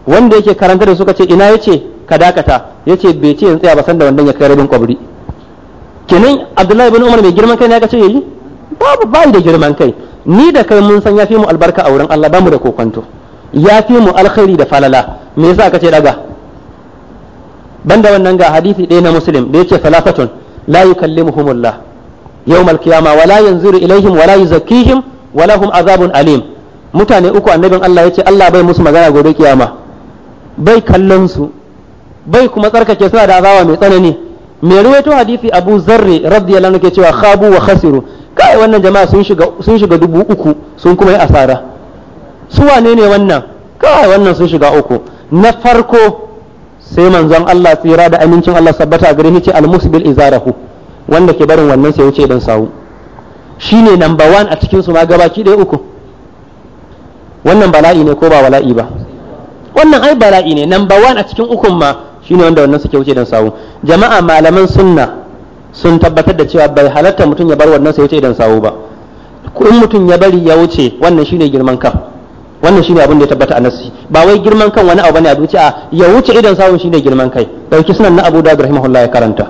wanda yake karanta da suka ce ina yace ka dakata yace bai ce in tsaya ba sanda wandon ya kai rabin kwabri kenan abdullahi ibn umar mai girman kai ne ya ce yayi babu bai da girman kai ni da kai mun san yafi mu albarka a wurin Allah ba mu da kokonto yafi mu alkhairi da falala me yasa ka ce daga banda wannan ga hadisi ɗaya na muslim da yace salafatun la yukallimuhumullah yawmal qiyama wala yanzuru ilaihim wala yuzakkihim wala hum azabun alim mutane uku annabin Allah yace Allah bai musu magana gobe kiyama bai kallon su bai kuma tsarkake suna da azaba mai tsanani mai ruwaito hadisi abu zarre radiya lana ke cewa khabu wa khasiru kai wannan jama'a sun shiga sun shiga dubu uku sun kuma yi asara su wane ne wannan kai wannan sun shiga uku na farko sai manzon Allah tsira da amincin Allah sabbata gare shi ce al-musbil izarahu wanda ke barin wannan sai wuce dan sawu shine number one a cikin su ma gabaki ɗaya uku wannan bala'i ne ko ba bala'i ba wannan ai bala'i ne number one a cikin ukun ma shine wanda wannan suke wuce idan sawu jama'a malaman sunna sun tabbatar da cewa bai halatta mutum ya bar wannan sai wuce idan sawu ba in mutum ya bari ya wuce wannan shine girman kan wannan shine abin da ya tabbata a nassi ba wai girman kan wani abu bane a a ya wuce idan sawun shine girman kai dauki sunan na Abu Dawud rahimahullah ya karanta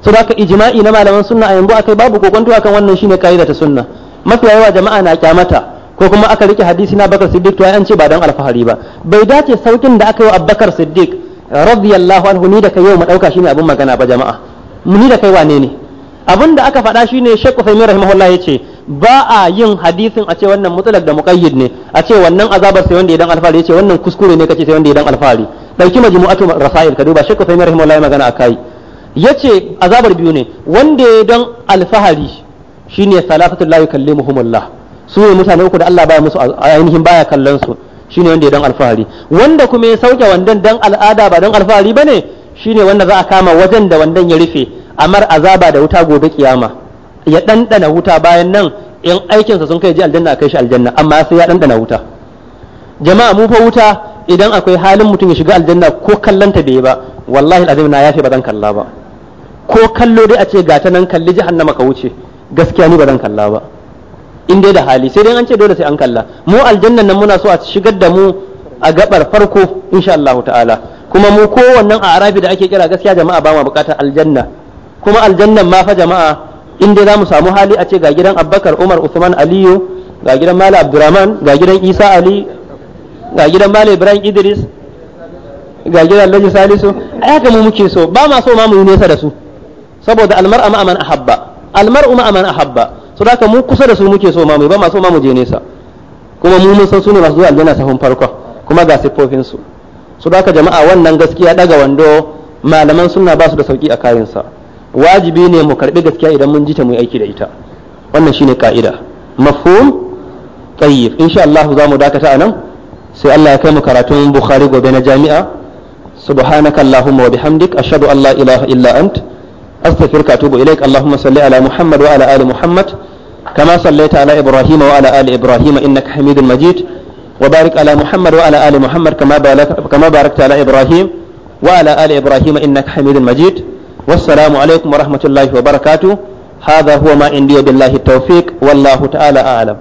saboda haka ijma'i na malaman sunna a yanzu akai babu kokonto akan wannan shine kaida ta sunna mafi yawa jama'a na kyamata ko kuma aka rike hadisi na Bakar Siddiq to ai an ce ba dan alfahari ba bai dace saukin da aka yi wa Abubakar Siddiq radiyallahu anhu ni da kai yau mu dauka shine abun magana ba jama'a ni da kai wane ne abun da aka faɗa shine Sheikh Uthaymeen rahimahullah yace ba a yin hadisin a ce wannan mutlaq da muqayyid ne a ce wannan azabar sai wanda ya dan alfari yace wannan kuskure ne kace sai wanda ya dan alfari dauki majmu'atu rasail ka duba Sheikh Uthaymeen rahimahullah magana akai yace azabar biyu ne wanda ya dan alfahari shine salatatul la yukallimuhumullah su ne mutane uku da Allah baya musu ainihin baya kallon su shine wanda ya dan alfahari wanda kuma ya sauke wandan dan al'ada ba dan alfahari ne, shi ne wanda za a kama wajen da wandan ya rufe amar azaba da wuta gobe kiyama ya ɗanɗana wuta bayan nan in aikinsa sun kai ji aljanna a kai shi aljanna amma sai ya dandana wuta jama'a mu fa wuta idan akwai halin mutum ya shiga aljanna ko kallanta bai ba wallahi alazim na yafe ba zan kalla ba ko kallo dai a ce gata nan kalli jahannama ka wuce gaskiya ni ba zan kalla ba in dai da hali sai dai an ce dole sai an kalla mu aljannan nan muna so a shigar da mu a gabar farko insha Allah ta'ala kuma mu kowannan a arabi da ake kira gaskiya jama'a ba ma bukatar aljanna kuma aljannan ma fa jama'a in dai za mu samu hali a ce ga gidan Abubakar Umar Usman Aliyu ga gidan Malam Abdurrahman ga gidan Isa Ali ga gidan Malam Ibrahim Idris ga gidan Alhaji Salisu a haka mu muke so ba ma so ma mu yi nesa da su saboda almar'a ma'aman ahabba almar'u ma'aman ahabba to da mu kusa da su muke so ma mu ba masu ma mu je nesa kuma mu mun san su ne masu zuwa aljanna sahun farko kuma ga siffofin su su ka jama'a wannan gaskiya daga wando malaman sunna ba su da sauki a kayan sa wajibi ne mu karbi gaskiya idan mun ji ta mu aiki da ita wannan shine ka'ida mafhum tayyib insha Allah za mu dakata anan sai Allah ya kai mu karatun Bukhari gobe na jami'a سبحانك اللهم وبحمدك أشهد أن an إله إلا أنت ant أتوب إليك اللهم ilaik على salli ala muhammad wa ali كما صليت على إبراهيم وعلى آل إبراهيم إنك حميد مجيد وبارك على محمد وعلى آل محمد كما كما باركت على إبراهيم وعلى آل إبراهيم إنك حميد مجيد والسلام عليكم ورحمة الله وبركاته هذا هو ما عندي وبالله التوفيق والله تعالى أعلم